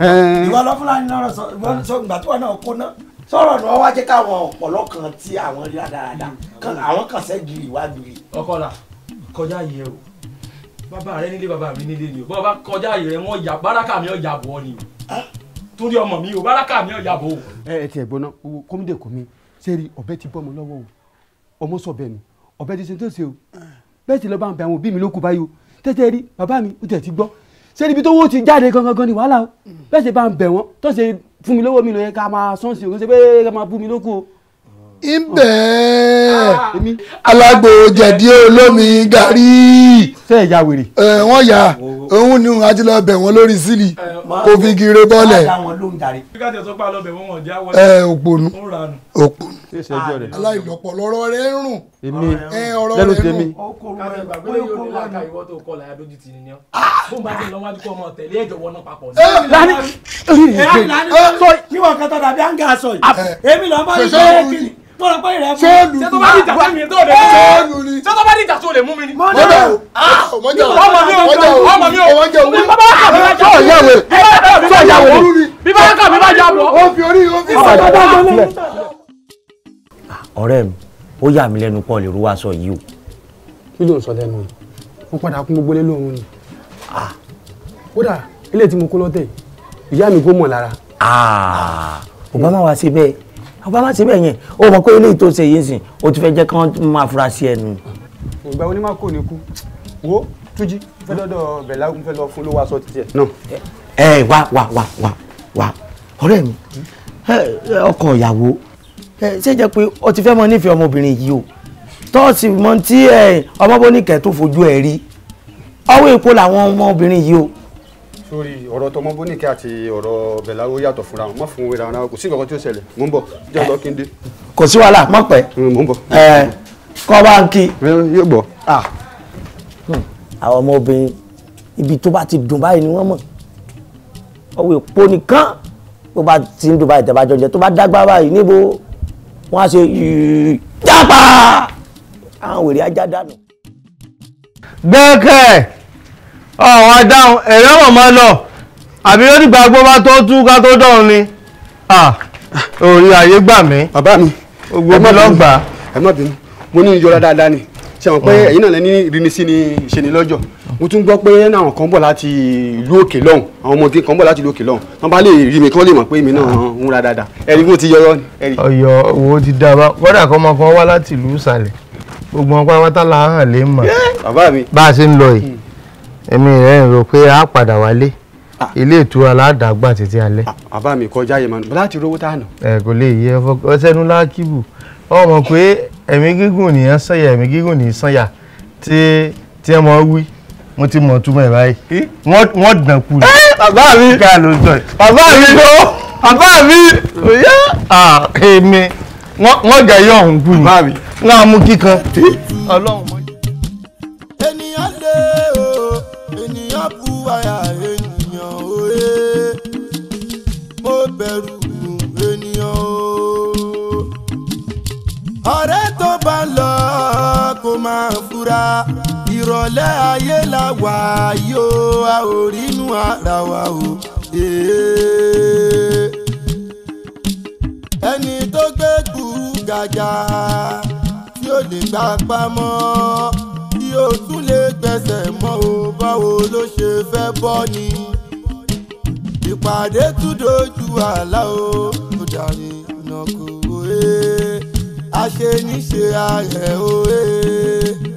ìwọ lọ́fúnlani lọ́rọ̀ sọ ìgbà tó wà náà kó ná sọ̀rọ̀ ni wá jẹ́ káwọn ọ̀pọ̀lọ́ tí àwọn rí dáadáa kan àwọn kan sẹ́gìrì wá gbìrì. ọkọ la kọjá yẹ o bàbá rẹ nílé bàbá mi nílé ni o bọ́ọ̀ bá kọjá yẹ wọ́n yà bárakà mi yà bọ̀ ni o torí ọmọ mi o báraka mi ò yàbọ̀ ẹ ẹ tiẹ̀ gbọ́ná owó kọ́mídé kò mí sẹ́ẹ̀rì ọ̀bẹ ti bọ́ ọmọ lọ́wọ́ o ọmọ sọ bẹ́ẹ̀ ni ọ̀bẹ ti ṣe tó ṣe o bẹ́ẹ̀ sì lọ bá ń àwọn òbí mi ló kú báyìí o tẹ́tẹ́ rí bàbá mi ó tẹ̀ ti gbọ́ sẹ́ẹ̀rì ibi tó wó ti jáde gangan ni wàhálà o bẹ́ẹ̀ sì bá bẹ̀ wọ́n tó ṣe fún mi lọ́wọ́ mi lóye ká máa sọ́n sí o pé ká máa ṣé ẹ̀yà wèrè. ẹ wọ́n ya òun ni a ti lọ bẹ̀ wọ́n lórí sílì kò fi gire bọ́ọ̀lẹ̀. ẹ òpònú òpònú. Ah, aláìlọ́pọ̀ lọ́rọ̀ rẹ̀ ń rùn. èmi lẹ́nu tèmi. Ah! Eh, lani. Eh, sọ yìí. Eh! kí wọn kẹta tàbí àǹgà sọ yìí. èmi lọ bá yìí mo rò pé ìrẹ́ mú mi. sẹ́ẹ̀lù ni sẹ́ẹ̀lù ni sẹ́ẹ̀lù bá dìjà tó lè mú mi ni. mọ́jọ́ o mọ́jọ́ o mọ́jọ́ o ọmọ mi o ọmọ mi o bàbá kà mi bá jà bọ̀ bàbá kà mi bá jà bọ̀ bí bàbá kà mi bá jà bọ̀. o fi orí o fi sọ̀rọ̀. ọ̀rẹ́ mi ó yà mí lẹ́nu pọ̀ lè rú aṣọ yìí o. kí ló ń sọ lẹ́nu yìí wọ́n padà kún gbogbo lé lóhun ni. kódà ilé tí mo kó lọ́tẹ̀ ìyá mi kò mọ̀ lára. Ah, ò bá má wá sí bẹ́ẹ̀ ọba má síbẹ̀ yẹn o mọ̀ pé eléyìí tó ṣe yìí sìn o ti fẹ́ jẹ́ kí wọ́n máa fura sí ẹnu. ìgbà onímọ̀ kò ní kú wo túnjí fẹ́ dọ́dọ̀ bẹ̀lá ń fẹ́ lọ fún lówó aṣọ tiẹ̀. ẹ ẹ wá wá wá wá wá ọ̀rẹ́ mi ọkọ ìyàwó ṣé jẹ́ pé o ti fẹ́ mọ nífẹ̀ẹ́ ọmọbìnrin yìí o tọ́ọ̀sì mọ tí ọmọbóníkẹ́ tó fojú ẹ̀ rí ọwọ́ èpo làwọn ọmọbìnrin yìí o sórí ọ̀rọ̀ tọmọ bóníkẹ́ àti ọ̀rọ̀ bẹ̀láwó yàtọ̀ fúnra wọn mọ̀ fún wẹ́ra wọn kò sí nǹkan tí ó ṣẹlẹ̀ mò ń bọ̀ jẹ́ lọ kí n dé. kò sí wàhálà mọ̀ pẹ́. Hm, mò ń bọ̀. ẹ kọ́ bá ń kí. yóò gbọ́. àwọn ọmọbìnrin ibi tó bá ti dùn báyìí ni wọ́n mọ̀ ọwọ́ èpo nìkan tó bá ti ń dùn báyìí tẹ̀bájọ́ jẹ tó bá dágbá báyìí níbo wọ́n á ṣe jápa àwọn ọ̀hún adáhùn ẹ̀rẹ́ mọ̀ mọ́ lọ àbí ó dìgbà gbọ́ bá tó tú ká tó dọ̀run ni orí ayé gbà mí. bàbá mi gbogbo lọ́gbà. ẹ má bínú mo ní ìjọra dáadáa ni ṣe àwọn pé ẹ̀yin náà lẹ́ni ìrìnnìsí ni ìṣenilọ́jọ́ mo tún gbọ́ pé àwọn kan bọ̀ láti ìlú òkè lọ́hùn àwọn ọmọdé kan bọ̀ láti ìlú òkè lọ́hùn wọn bá lè rí mi kí wọ́n lè mọ̀ pé èmi náà ń ra dáadáa ẹ̀rí mo ti yọrọ ni. ọyọ owó ti dá wa kódà kan ọmọ kan wá láti ìlú ìsàlẹ̀ gbogbo ọpá wátá la hàn lè mọ̀ bá a ṣe ń lọ yìí hmm ẹ̀mí rẹ̀ ń rò pé a padà wálé ah. ilé ìtura aládàágbà títí alẹ́. Ah, àbá mi kọjá yẹn mọ láti rówó tá a nà. ẹ kò lè yẹ ọsẹnu lákìbù ọmọ pé ẹ̀mí gígùn nìyẹn sànyà ẹ̀mí gígùn nìyẹn sànyà tí tí ẹ mọ wí mo ti mọ̀ túmọ̀ ẹ̀ báyìí wọ́n dàn kú ni. bàbá mi ká ló sọ yìí. bàbá mi lọ bàbá mi. èmi wọ́n gẹ̀yọ́ ọ̀hún kú ni. bàbá mi. wọ́n á mú kíkan. ọlọ́run mọ́. padà ìrọ̀lẹ́ ayé la wà yó a ò rínú ara wa o. Eh. ẹni tó gbé gbùrú gàjà tí ó lè gbà pamọ́ tí ó tún lè gbẹ̀sẹ̀ mọ́ o báwo ló ṣe fẹ́ bọ́ ni ìpàdé tún dojú àlá o ó dàrí ìnàkó òye eh. àṣẹ níṣe ààrẹ òye. Eh.